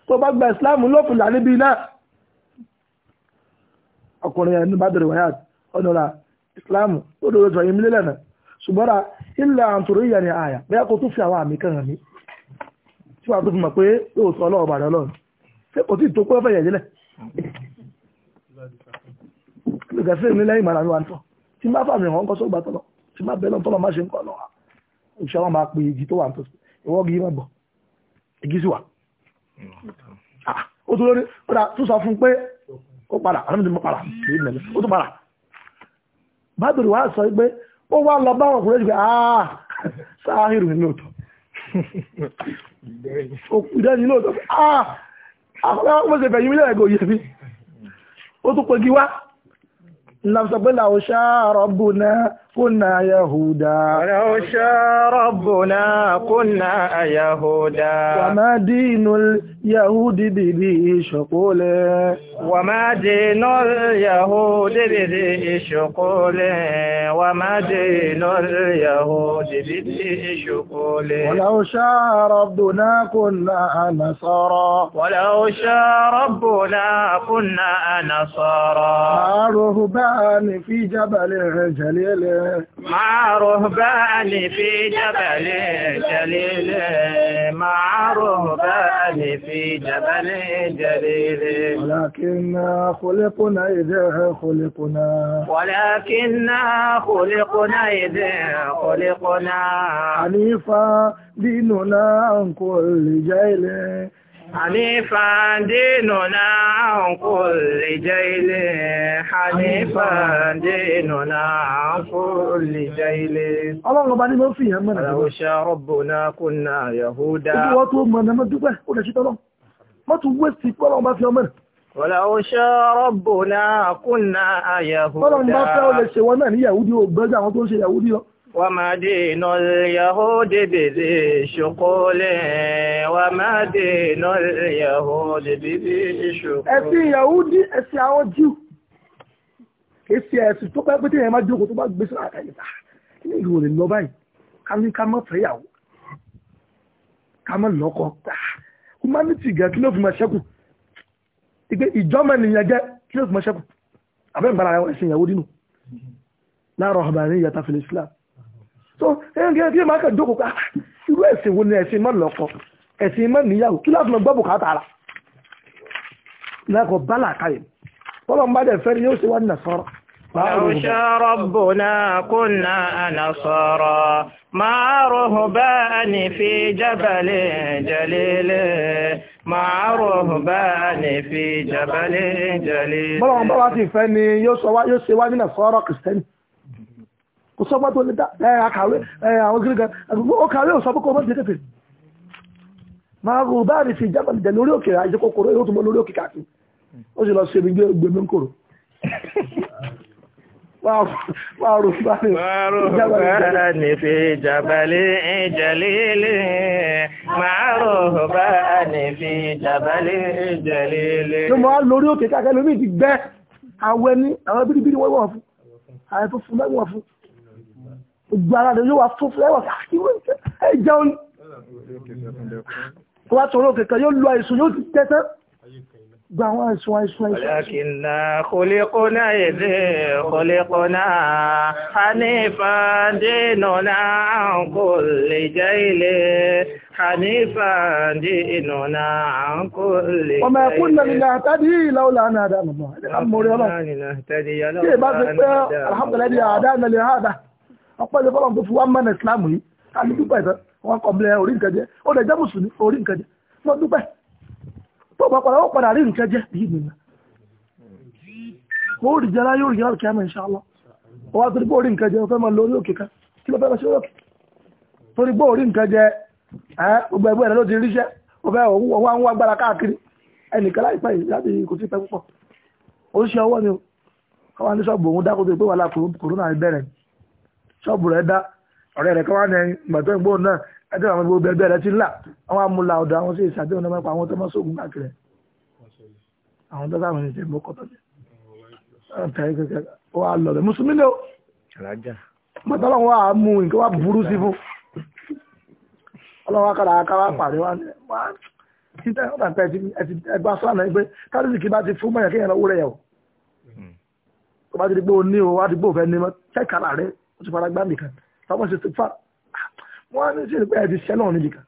tó bá gba islam ló fi níbi náà ọkùnrin ẹni bá bẹ̀rẹ̀ wáyà ọ̀nà ìsìláàmù ó dòdò tó yẹn mílẹ̀ náà ṣùgbọ́n ra ilẹ̀ àǹtòrò ìyà ni àyà bẹ́ẹ̀ kó tún fi àwọn àmì kan hàn mí tí wàá tó fi mọ̀ pé yóò sọ ọlọ́run bàdàn lọ́run ṣé kò tí ì tó pé ọ̀fẹ́ yẹ̀yẹ́lẹ̀ lùgàsí èmi lẹ́yìn ìmọ̀ràn wa tán tí má fàmì hàn kọ́ sọ́gbà tọ́lọ̀ tí má bẹ́ẹ̀ lọ́tọ́lọ́ má ṣe ń kọ́ lọ òṣìṣẹ́ wọn máa pe igi tó wà tó ìwọ́ igi má bọ̀ igi sì wà ah, ó tún lórí ó dà tún sọ fún pé ó padà àlọ́ mi ti mọ́ padà ó tún padà bábìrì wa sọ pé ó wá lọ bá ọkùnrin jù pé ah, àà sáàhìrù ní lóòtọ́ ìdẹ́ni lóòtọ́ àà ah, àwọn ṣe fẹ̀yìn mílẹ̀ ẹ̀gọ́ yẹ̀mí ó tún pegi wá ńlá كنا يهودا ولو شاء ربنا كنا يهودا وما دين اليهود بذي شقول وما دين اليهود بذي شقول وما دين اليهود بذي شقول ولو شاء ربنا كنا نصارى ولو شاء ربنا كنا نصارى رهبان في جبل جليل مع رهباني في جبل جليل مع رهباني في جبل جليل ولكننا خلقنا إذا خلقنا ولكننا خلقنا إذا خلقنا حنيفا ديننا عن كل جيل حنيفا ديننا عن كل جيل حنيفا ديننا عن كل جيل ọlọ́run ọba ní ló fi ìyàn mọ́nà jùlọ ṣe rọ́bùnà kúnnà yahuda ojú wọ́n tó mọ̀nà mọ́ dúpẹ́ ó lè ṣe tọ́lọ́ mọ́ tún wé sí pọ́lọ́ ọba fi ọlọ́run bá fẹ́ ó ṣe wọ́n náà ní yahudi ó gbẹ́gbẹ́ àwọn tó ń ṣe yahudi lọ وما دين اليهود بذي شقول وما دين اليهود بذي شقول ẹ̀sìn yahudi ẹ̀sìn àwọn jíù kìí ṣe ẹ̀sìn tó pẹ́ pété yẹn máa jókòó tó bá gbé sí àkàyèsà kí ni ìròyìn lọ báyìí ká ní ká má fẹ́yàwó ká má lọ́kọ humanity gan kí ló fi máa ṣẹ́kù ìgbé ìjọ́mọ ènìyàn jẹ́ kí ló fi máa ṣẹ́kù àbẹ́ ìgbàlá ẹ̀sìn la so ẹnìyàn tí màá kàn jókòó ká ah, irú ẹ̀sìn wo ni ẹ̀sìn mọ́ lọ́kọ ẹ̀sìn mọ́ níyàwó kí láti mọ gbọ́ bùkátà ara lákọ̀ bálà káyọ̀ bọ́lọ̀ bá dẹ̀ fẹ́ yóò ṣe wá nà sọ́rọ̀. لو شاء ربنا كنا نصارى في جبل جليل مع رهبان في جبل جليل. bọ́lọ̀ bọ́lá ti fẹ́ ni yóò ṣe wá ní nàṣọ́rọ̀ kìrìsìtẹ́nì sọ́gbọ́n lè dá àkàwé eh, eh, àwọn gírígan eh, ó kàwé ò sọ́gbọ́n kó mọ́ máa rò bá rí fi jábàlì jẹ lórí òkè àìsí yóò tún lórí òkè káàkiri ó sì lọ sí ibi gbẹmí kòrò Márùn-ún fi jàbálé ìjẹ̀lélé. bá ní fi jàbálé ìjẹ̀lélé. lórí òkè káàkiri lórí ìdí gbẹ́ àwẹ́ ní àwọn bíríbírí gbogbo ara rẹ̀ yóò wá fún fúlẹ́wọ̀ káàkiri ẹjẹun tó àìsùn yóò ti tẹ́tẹ́ gba àwọn àìsùn àìsùn àìsùn. ọ̀làkìnnà kò lè jẹ́ ilé hanifa dínúnà kò lè jẹ́ ilé. ọmọ ẹkún náà tàbí ọpẹ́ ilé tó fi wá mẹ́rin islam yìí ká ní dúpẹ́ ìfẹ́ wọn kọ̀ bílẹ̀ orí nǹkan ó lè jẹ́ mùsùlùmí orí nǹkan jẹ mo tó bá padà ó padà rí nǹkan yìí nìyẹn mo rí jẹ́ra yóò rí jẹ́ra kí á mẹ́ inshallah ó wá orí òkè kí ló lọ sí òkè torí orí gbogbo rẹ ló ti ó agbára káàkiri ṣọ́ọ̀bù rẹ̀ dá ọ̀rẹ́ rẹ̀ kan wá ní ìgbà tó ń gbóhùn náà ẹjọ́ àwọn gbogbo ẹgbẹ́ rẹ̀ ti ńlá àwọn amúlà ọ̀dọ̀ àwọn sí ìṣàdéhùn náà mẹ́pa àwọn tó mọ́ sóògùn káàkiri àwọn tó sáwọn ènìyàn mọ́ kọ́tọ́ jẹ́ ọ̀tẹ̀ kẹ̀kẹ́ ó wà lọ rẹ̀ mùsùlùmí lé o mọ́tọ́ ọlọ́run wà á mú nǹkan wà burú sí fún ọlọ́run akára akára pàdé wá ní ọ̀dà pẹ́ ẹgbà sọ́nà pé káàdì kí bá ti fún mọ́ ti fara gbá nìkan táwọn ṣe fa wọ́n á ní ṣe pé ẹ̀ ti ṣẹlọ̀ níbi kan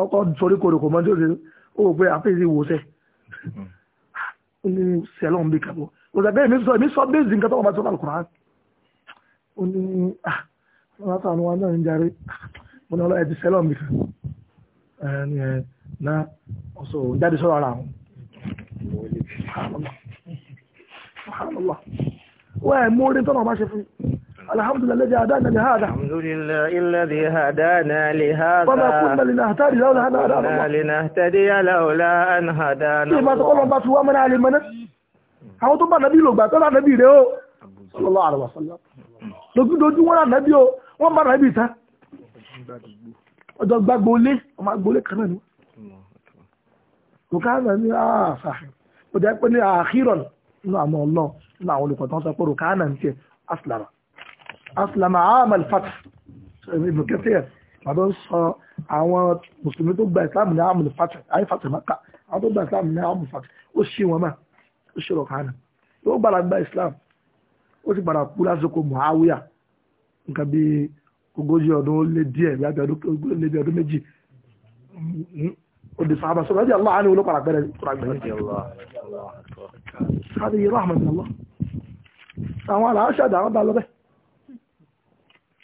ọkọ̀ sórí kòrò kò mọ́ tí ó ṣe ó wò pé àfẹ́sí ìwòsẹ̀ ó ní ṣẹlọ̀ níbi kan bọ̀ kò sàgbé èmi sọ èmi sọ bẹ́ẹ̀sì nǹkan tó wọ́n bá sọ lálùkùrọ̀ á ó ní wọ́n sàánú wa náà ń jarí mo ní ọlọ́ ẹ̀ ti ṣẹlọ̀ níbi kan ẹni ẹ̀ jáde sọ́rọ̀ ara àwọn wọ́n mú orin tọ́nà ọba ṣe fún yìí الحمد لله الذي هدانا لهذا الحمد لله الذي هدانا لهذا وما كنا لنهتدي لولا أن هدانا الله لنهتدي لولا أن هدانا الله تقول الله تقول من علم من àwọn tó bá nàbí lò gbà tó lá nàbí rẹ̀ ó sọ́lọ́ àrùwà sọ́lọ́ lójúdójú wọ́n rà nàbí ó wọ́n bá nàbí ìta ọjọ́ gbàgbó lé ọmọ agbólé kan náà ni rùkánà ní àṣà ah, ó jẹ́ pé ní àkírọ̀ nínú àmọ́ ọlọ́ nínú àwọn olùkọ̀tàn sọ pé rùkánà ń tiẹ̀ asìlára aslama amal fath ibn kathir bàbá ń sọ àwọn mùsùlùmí tó gba islam ní amul fath ayé fath maka àwọn tó gba islam ní amul fath ó ṣí wọn mà ó ṣe rọ̀kà hànà ó gbàdá gba islam ó ti padà kú lásìkò muawiya nǹkan bíi ogójì ọdún lé díẹ̀ lábẹ́ ọdún méjì ودي صحابة صلى الله الله عنه ولقرع بلد رضي الله رحمة من الله أنا أشهد على الله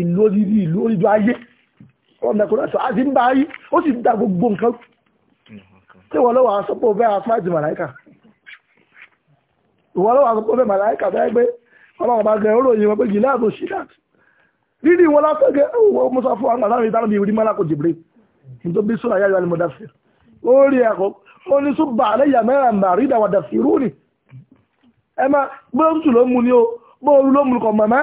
ìlú orílẹ̀ ìlú orílẹ̀ ayé ọmọ ẹ̀kọ́ sọ àti ń bá ayé ó sì ń da gbogbo nǹkan tí wọ́n lọ́wọ́ àsọpọ̀ bẹ́ẹ̀ apáàtì màláìkà ìwọ́n lọ́wọ́ àsọpọ̀ bẹ́ẹ̀ màláìkà bẹ́ẹ̀ pé ọlọ́wọ́ bá gẹ̀ ọ́rọ̀ yìí wọ́n pé gìlá àbò ṣídàt rírì wọn lásán gẹ ọwọ́ musa fún àwọn àlárin ìtàn bíi rímọ́lá kò jìbìrì nítorí bí sọ́nà yáyọ ni mo dá sí ó rí ẹ̀kọ́ ó ní súbà alẹ́ yà mẹ́rin àmà rí ìdáwà dà sí rúni ẹ má gbé òtútù ló mú ni ó bó olú ló mú kọ̀ mọ̀mọ́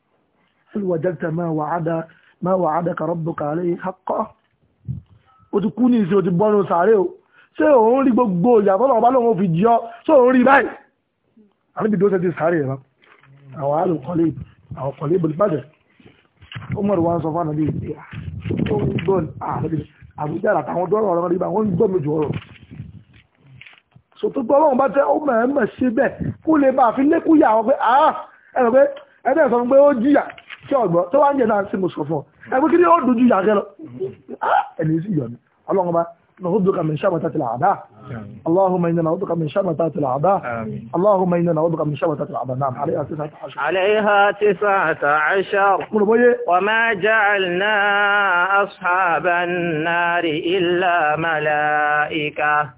هل وجدت ما وعد ما وعدك ربك عليه حقا ó ti kú ní ìsìn ó ti bọ́nu sàárè o ṣé òun rí gbogbo ìyàtọ̀ náà bá lóun fi jí ọ ṣé òun rí báyìí àbíbi tó ṣe ti sàárè rẹ àwọn alùkọ́lé àwọn kọ̀lé ìbòlùbàdẹ̀ ó mọ̀rọ̀ wá ń sọ fún àná bíi ó ń gbọ́ ah, àbí àbújá àtàwọn tó ọ̀rọ̀ rí bá wọ́n ń gbọ́ mi jù ọ̀rọ̀ sòtò gbọ́ ọlọ́run bá jẹ́ ó mọ̀ọ́mọ̀ ṣe bẹ́ẹ̀ kó lè bá àfi lékúyà àwọn pé ah, ẹ̀rọ pé ẹ̀dẹ̀ sọ pé ó jìyà tí ọgbọ́n tó wá ń jẹ́ náà sí mo ẹgbẹ́ kí ni ó dojú ìyá ah, ẹni sí ìyọ̀nù من الأعداء اللهم إنا من الأعداء اللهم إنا من الأعداء نعم عليها عليها وما جعلنا أصحاب النار إلا ملائكة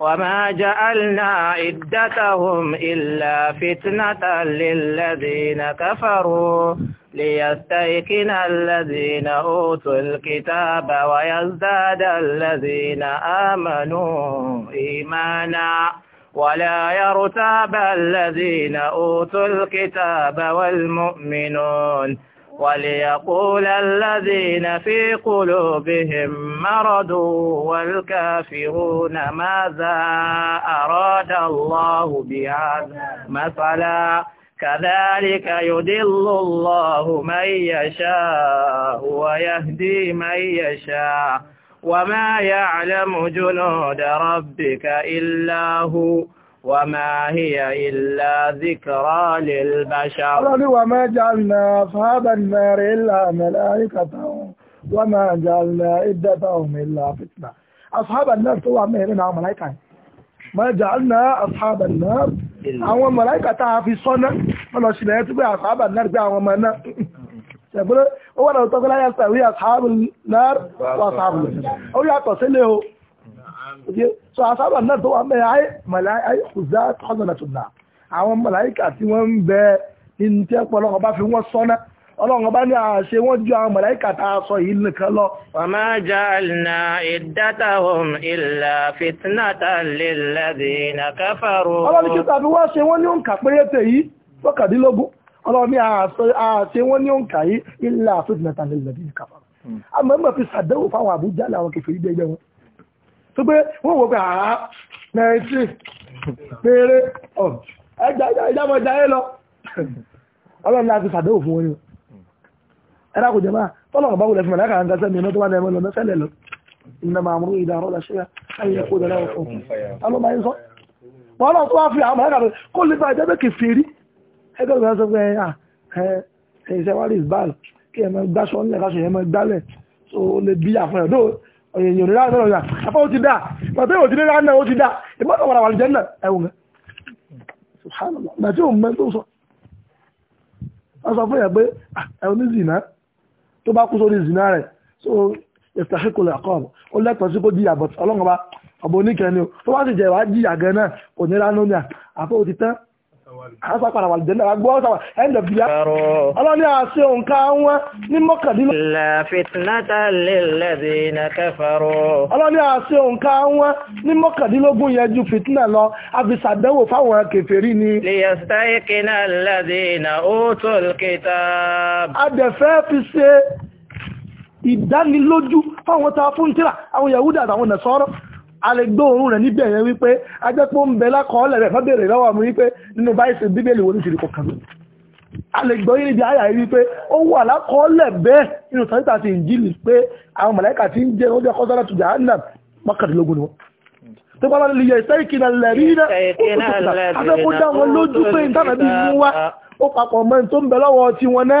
وما جعلنا عدتهم إلا فتنة للذين كفروا ليستيقن الذين أوتوا الكتاب ويزداد الذين آمنوا إيمانا ولا يرتاب الذين أوتوا الكتاب والمؤمنون وليقول الذين في قلوبهم مرض والكافرون ماذا أراد الله بهذا مثلا كذلك يدل الله من يشاء ويهدي من يشاء وما يعلم جنود ربك إلا هو وما هي إلا ذكرى للبشر وما جعلنا أصحاب النار إلا ملائكة وما جعلنا عدتهم إلا فتنة أصحاب النار طبعا من ملائكة ما جعلنا أصحاب النار àwọn mọ̀láìkà tá a fi sọ́nà wọn lọ sílẹ̀ tó pé àfàbà náà gbé àwọn ọmọ náà ṣẹ̀gbọ́n ó wà lọ́tọ́ gbọ́láyà sàrí àṣàbù náà wà sàbù so àṣàbà náà tó wà mẹ́rin ayé mọ̀láìkà kùzá tọ́gbọ̀nà tó nà àwọn mọ̀láìkà tí wọ́n ń ọlọ́run bá ní àṣẹ wọ́n ju àwọn màláíkà sọ yìí nìkan lọ. wa ma ja'alna iddatahum illa fitnatan lilladhina kafaru. ọlọ́run kí tàbí ọlọ́run ní àṣẹ wọ́n ní òǹkà ọlọ́run ní àti fún wọn ni ẹ̀rá kò jẹ́ máa tọ́lọ̀ bá wùlẹ̀ fún mẹ́lẹ́kà ń gasẹ́ mìíràn tó wà lẹ́mọ́ lọ mẹ́fẹ́lẹ̀ lọ iná máa mú ìdá ọ̀rọ̀ ṣe ayẹyẹ kó dẹ̀rẹ́ ọ̀fọ̀ alọ́mọ ayé sọ wọ́n lọ tó wá fi àwọn mẹ́lẹ́kà rẹ̀ kó lè bá ẹjẹ́ bẹ́ kìí fèrí ẹgbẹ́ ìgbà sọ pé ah, ẹ ìṣẹ́ wá rí ìbáàlù kí ẹ máa gbáṣọ nílẹ̀ káṣọ yẹn máa gbálẹ̀ so ó lè bí àfọyọ̀ dó èèyàn rírá sọ̀rọ̀ yà afọ ó ti dá òun mẹ́ tó sọ wọ́n sọ fún yà pé ah, ẹ̀wọ̀n ní tó bá kú sórí zina rẹ̀ so ìsàkíkò lẹ́kọ̀ọ́ ó lẹ́tọ̀ọ́ sí kó jìyà bọ̀t ọlọ́run ọba ọba oníkẹ́ni o tó bá sì jẹ́ ìwádìí àgẹ́ náà kò ní ránú ní àfọ́ òtítán àásápadà wà lìjẹ́ náà gbọ́ sáwà end of the year ọlọ́ni àṣẹ òǹkà wọn ní mọ́kàndínlógún. la fitnata lilladhina kafaru. ọlọ́ni àṣẹ òǹkà wọn ní mọ́kàndínlógún yẹn ju fitna lọ àfisàdánwò fáwọn kèfèrí ni. liyastayqina alladhina utul kitab. adẹ̀fẹ́ fi alẹ́gbóòrùn rẹ̀ níbẹ̀ yẹn wípé ajẹ́pọ̀ ń bẹ lákọọ́lẹ̀ rẹ̀ fọ́bẹ̀rẹ̀ lọ́wọ́ mú wípé nínú báyìí bíbélì wo ní ṣe kọ̀kan mi alẹ́gbọ́ yìí níbi àyà wípé ó wà lákọọ́lẹ̀ bẹ́ẹ̀ nínú sọ́yítà àti ìjìnlẹ̀ pé àwọn mọ̀lẹ́kà ti ń jẹ́ oúnjẹ kọ́sára tù jàánà mọ́kàndínlógún ni wọ́n tó bá lọ́lẹ̀ yẹ ìṣẹ́ ìkìnà lẹ́rí náà ó tó tó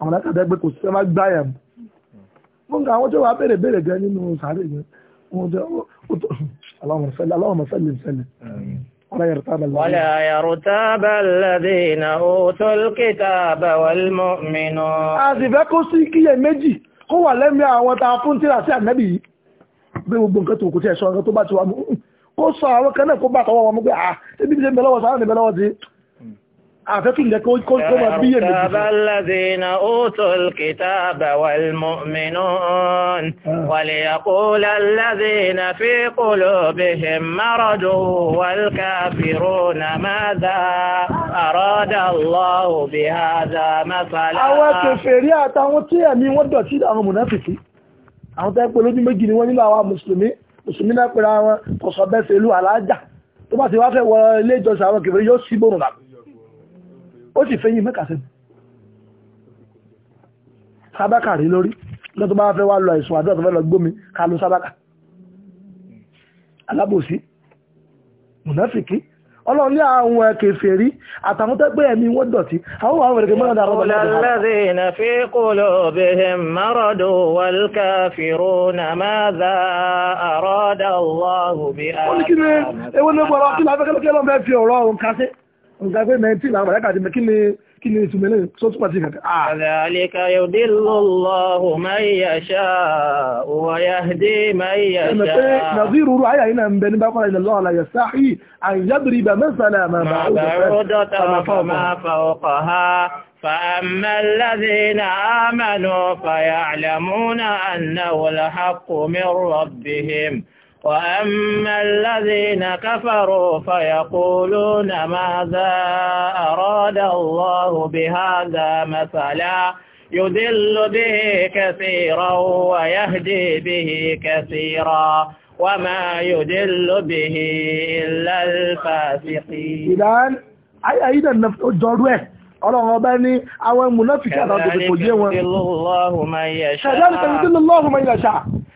àwọn alákàtà pé kò sí gbáyà mú nǹkan àwọn tí wà bèrè bèrè gan nínú sàárè yẹn wọn jẹ aláwọ̀ sẹ́lẹ̀ aláwọ̀ sẹ́lẹ̀ sẹ́lẹ̀ ولا يرتاب الذين أوتوا الكتاب والمؤمنون àsìfẹ́ kó sí kíyè méjì kó wà lẹ́mí àwọn tá a fún tíra sí ànábì yìí bí gbogbo nǹkan tó kò tí ẹ̀ sọ ti wà mú kó sọ àwọn kan náà kó bá àtọwọ́ wọn mú pé à ah, ṣé bíbí ṣe ń bẹ lọ́wọ́ sáà ń bẹ lọ́wọ́ àfẹ́kìlẹ̀ kó máa bíyẹ̀ méjì. Àbálàdínà ó tó kìtà àbàwà ìmọ̀mìnà wàlẹ̀yàkólà ládínà fi kòlò bèhẹ̀ márọ̀dù wàlkàfìrò na máa dá àrọ́dà lọ́wọ́ bí ha dá mẹ́sàlá. Àwọn kèfèrí àtàwọn tí ẹ̀mí wọ́n dọ̀tí àwọn mùnáfìkì. Àwọn tẹ́ pé lójú méjì ni wọ́n nílò àwọn Mùsùlùmí, Mùsùlùmí náà pèrè àwọn kọ̀sọ̀bẹ́sẹ̀ ìlú àlájà. Tó bá ti wá fẹ́ wọ ilé ìjọsìn àwọn kèfèrí yóò sí bòrùn dàbí ó sì fẹ́yìn mẹ́kàsẹ́ sábàkà rí lórí lọ́tọ́ bá fẹ́ wá lọ àìsàn àdúrà tó fẹ́ lọ gbómi ká ló sábàkà alábòsí mùnáfìkì ọlọ́run ní àwọn ẹ̀kẹ̀fẹ̀ rí àtàwọn tẹ́gbẹ́ ẹ̀mí wọ́n dọ̀tí àwọn àwọn ẹ̀rẹ̀kẹ̀ mọ́rọ̀dà alladhina fi qulubihim maradu wal kafiruna madha arada Allahu bi nǹkan pé nineteen làwọn màláìka ti mẹ ah. kí ni kí ni ìtumọ̀ lẹ́yìn tó túmọ̀ sí kàkà. àdàlíkà yudillullahu man yasha'u wa yahdi man فأما الذين آمنوا فيعلمون أنه الحق من ربهم وأما الذين كفروا فيقولون ماذا أراد الله بهذا مثلا يدل به كثيرا ويهدي به كثيرا وما يدل به إلا الفاسقين الآن أي أيضا نفجر ọlọ́run ọba ní àwọn mùnáfíkì àtàdé kò jẹ́ wọn ṣàdánù tẹ̀lú lọ́wọ́ mọ̀ yẹ̀ ṣáà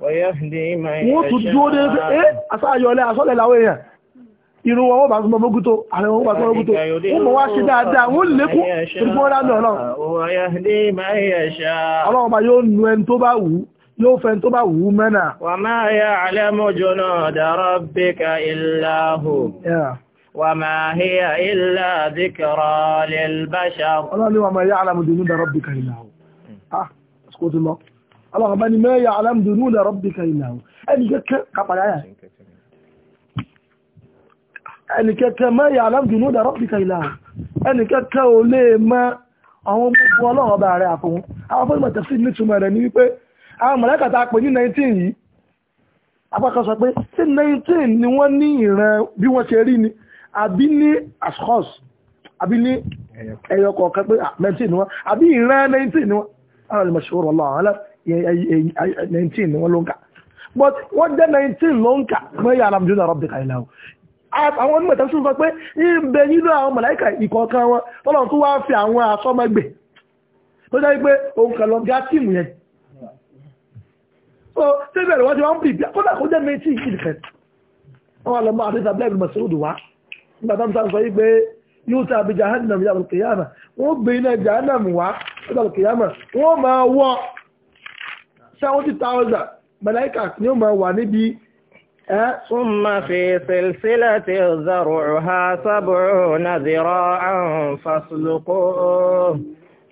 wọ́n tún dúró dé ẹ́ asáyọlẹ̀ asọ́lẹ̀ láwọ́ èèyàn irun wọn wọ́n bá tún mọ́gbógún tó ààrẹ wọn bá tún mọ́gbógún tó wọ́n mọ̀ wá ṣe dáadáa wọ́n lékún ìgbọ́n rámi ọlọ́run ọlọ́run bá yóò nu ẹni tó bá wù ú yóò fẹ́ tó bá wù ú mẹ́nà wa ma ya'lamu junuda rabbika illa hu wa ma hiya illa dhikra lil bashar ọlọ́run ni wa ma ya'lamu junuda rabbika illa hu ah, Allah bá ní mẹ́yà alámdùnú na rọ́bìkà ìlàwó ẹnikẹ́kẹ́ kàpàdà yà ẹnikẹ́kẹ́ mẹ́yà alámdùnú na rọ́bìkà ìlàwó ẹnikẹ́kẹ́ ò lè mọ́ àwọn gbogbo ọlọ́run bá rẹ̀ àfún àwọn fọ́nìmọ̀ tẹ̀sí nítumọ̀ rẹ̀ ní wípé àwọn mọ̀lẹ́kàtà pè ní 19 yìí apákan sọ pé sí 19 ni wọ́n ní ìran bí wọ́n ah, àbí ìran 19 ni wọ́n àwọn 19 ni wọ́n ló ń kà but wọ́n jẹ́ 19 ló ń kà mẹ́yà alamjúdà rọ́bì kàìlá o àwọn onímọ̀ tẹ́sùn sọ pé ìbẹ̀ nínú àwọn mọ̀láìkà ìkọ̀ọ̀kan wọn tọ́lọ̀ tó wá fi àwọn asọ́mọ́gbè tó jẹ́ pé òun kàn lọ bí á tìmù yẹn so síbẹ̀ wọ́n ti wá ń bì bí kódà kó jẹ́ 19 kìdìkẹ́ wọ́n wà lọ́mọ àdéhùn abúlé ìlú mọ̀sílùdù wá nígbà tó ń sọ yí pé yóò ta àbí jahannam yàrá kìyàmà wọ́n gbé iná jahannam wá lọ́dọ̀ kìyàmà wọ́n máa wọ́ seventy thousand mẹ̀láìkà ni ó máa wà níbi ثم في سلسلة ذرعها سبعون ذراعا فاسلقوه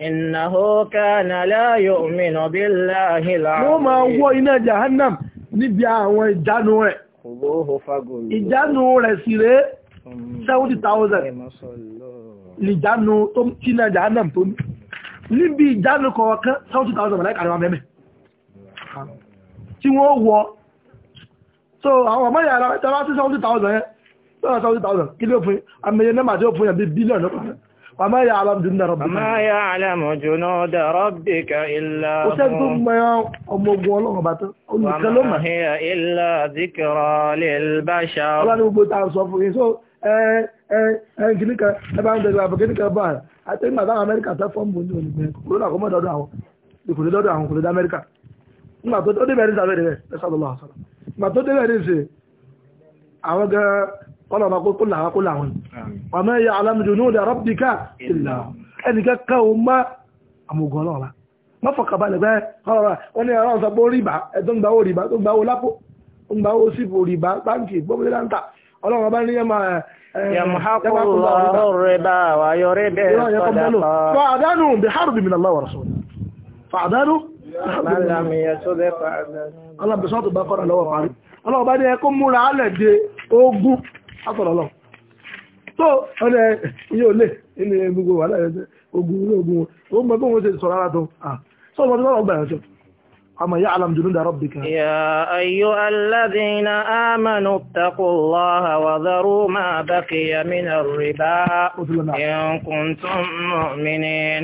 إنه كان لا يؤمن بالله العظيم wọ́n máa wọ́ iná jahannam níbi àwọn ìjánu rẹ̀ ìjánu rẹ̀ sì rẹ̀ 70,000 ìjánu tó tí iná jahannam tó ní níbi ìjánu kọ̀ọ̀kan 70,000 mẹ́lẹ́kàrí tí wọ́n wọ́ so àwọn ọmọ yàrá tẹ́lá sí 70,000 kí ló fún àmìyàn náà tí ó fún yàn bílíọ̀nù lọ́pàá وما يعلم جند ربك وما يعلم جنود ربك إلا هو وما هي إلا ذكرى للبشر الله نقول تعالى صفوه so ẹnkìníkà ẹbá ń dẹ̀gbà àbùkìníkà báyìí àti ìgbà táwọn amẹ́ríkà tẹ́ fọ́ọ̀mù ní olùgbẹ́ kòrò náà kò mọ́ dọ́dọ̀ àwọn ìkòrò dọ́dọ̀ àwọn kòrò dá amẹ́ríkà nígbà tó dé bẹ̀rẹ̀ ìsàbẹ̀ rẹ̀ ẹ̀sàdọ̀lọ́ àṣàrà nígbà tó dé bẹ̀rẹ̀ ìsẹ̀ àwọn gan ọlọ́ba kó làwá kó làwọn ọmọ ẹ̀yà alámìjò ní òdà rọ́bìkà ìlà ẹnìkan ká o má àmùgọ̀ ọlọ́ọ̀la má fọkàbalẹ̀ pé ọlọ́ra wọn ni àwọn ọ̀sán pé ó rìbá ẹ̀tọ́ ń gba owó rìbá tó ń gba owó lápò ń gba owó sípò rìbá báńkì gbọ́mọdé láńtà ọlọ́run bá ní yẹ́ máa ẹ̀ẹ́dẹ́gbàkúnlọ́ alábẹ̀sọ́tò bá kọ́rọ̀ lọ́wọ́ parí ọlọ́ọ̀bá ní ẹkún múra alẹ́dẹ ogun látọ̀lọ́lọ́ tó ọdẹ yóò lè inú gbogbo wà lẹ́ẹ̀dẹ́ ogun ilé ogun o mọ́ bóun ṣe sọ̀rọ̀ ara tó sọ ọmọdé lọ́rọ̀ gbà ẹ̀ṣọ́ أما يعلم جنود ربك يا أيها الذين آمنوا اتقوا الله وذروا ما بقي من الربا إن كنتم مؤمنين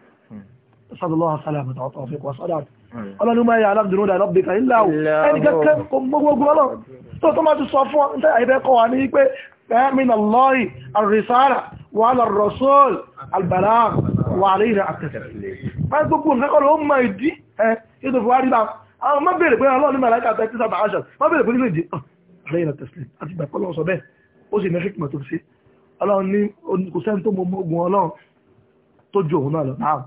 صلى الله سلامة وتوفيق وصلاة الله لما يعلم جنود ربك إلا هو ẹni kẹ́kẹ́ gbogbo ọlọ́ tó tó máa ti sọ fún ọ̀tẹ́ àìbẹ́ kọ́ wà ní pé min Allahi ar-risala wa ala ar-rasul al-balagh wa alayhi at-taslim máa gbogbo nǹkan kọ́ ló mọ ìdí ẹ̀ yóò tó fi wá rí náà àwọn má bèèrè pé ọlọ́ọ̀ni màláìka àti sábà àṣà má bèèrè pé nínú ìdí alayhi at-taslim àti ìgbà kọ́lọ́ sọ bẹ́ẹ̀ ó sì mẹ́fíkì mọ̀ tó fi sí ọlọ́run ní kò sẹ́ni tó mọ ogun ọlọ́run tó ju òun náà lọ náà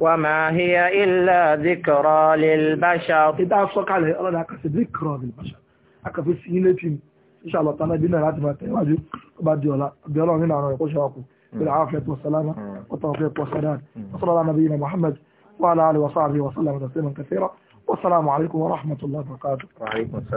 وما هي إلا ذكرى للبشر إذا سọ̀kalẹ̀ ọlọ́dà kàṣẹ ذكرى للبشر akàfẹ́ في ilé إن شاء الله تعالى بنا راتب máa بعد tó bá هنا ọ̀la bí ọlọ́run بالعافية والسلامة ẹ̀kọ́ ṣọ́ọ̀kù وصلى على نبينا محمد وعلى آله وصحبه وسلم تسليما كثيرا والسلام عليكم ورحمة الله وبركاته وعليكم السلام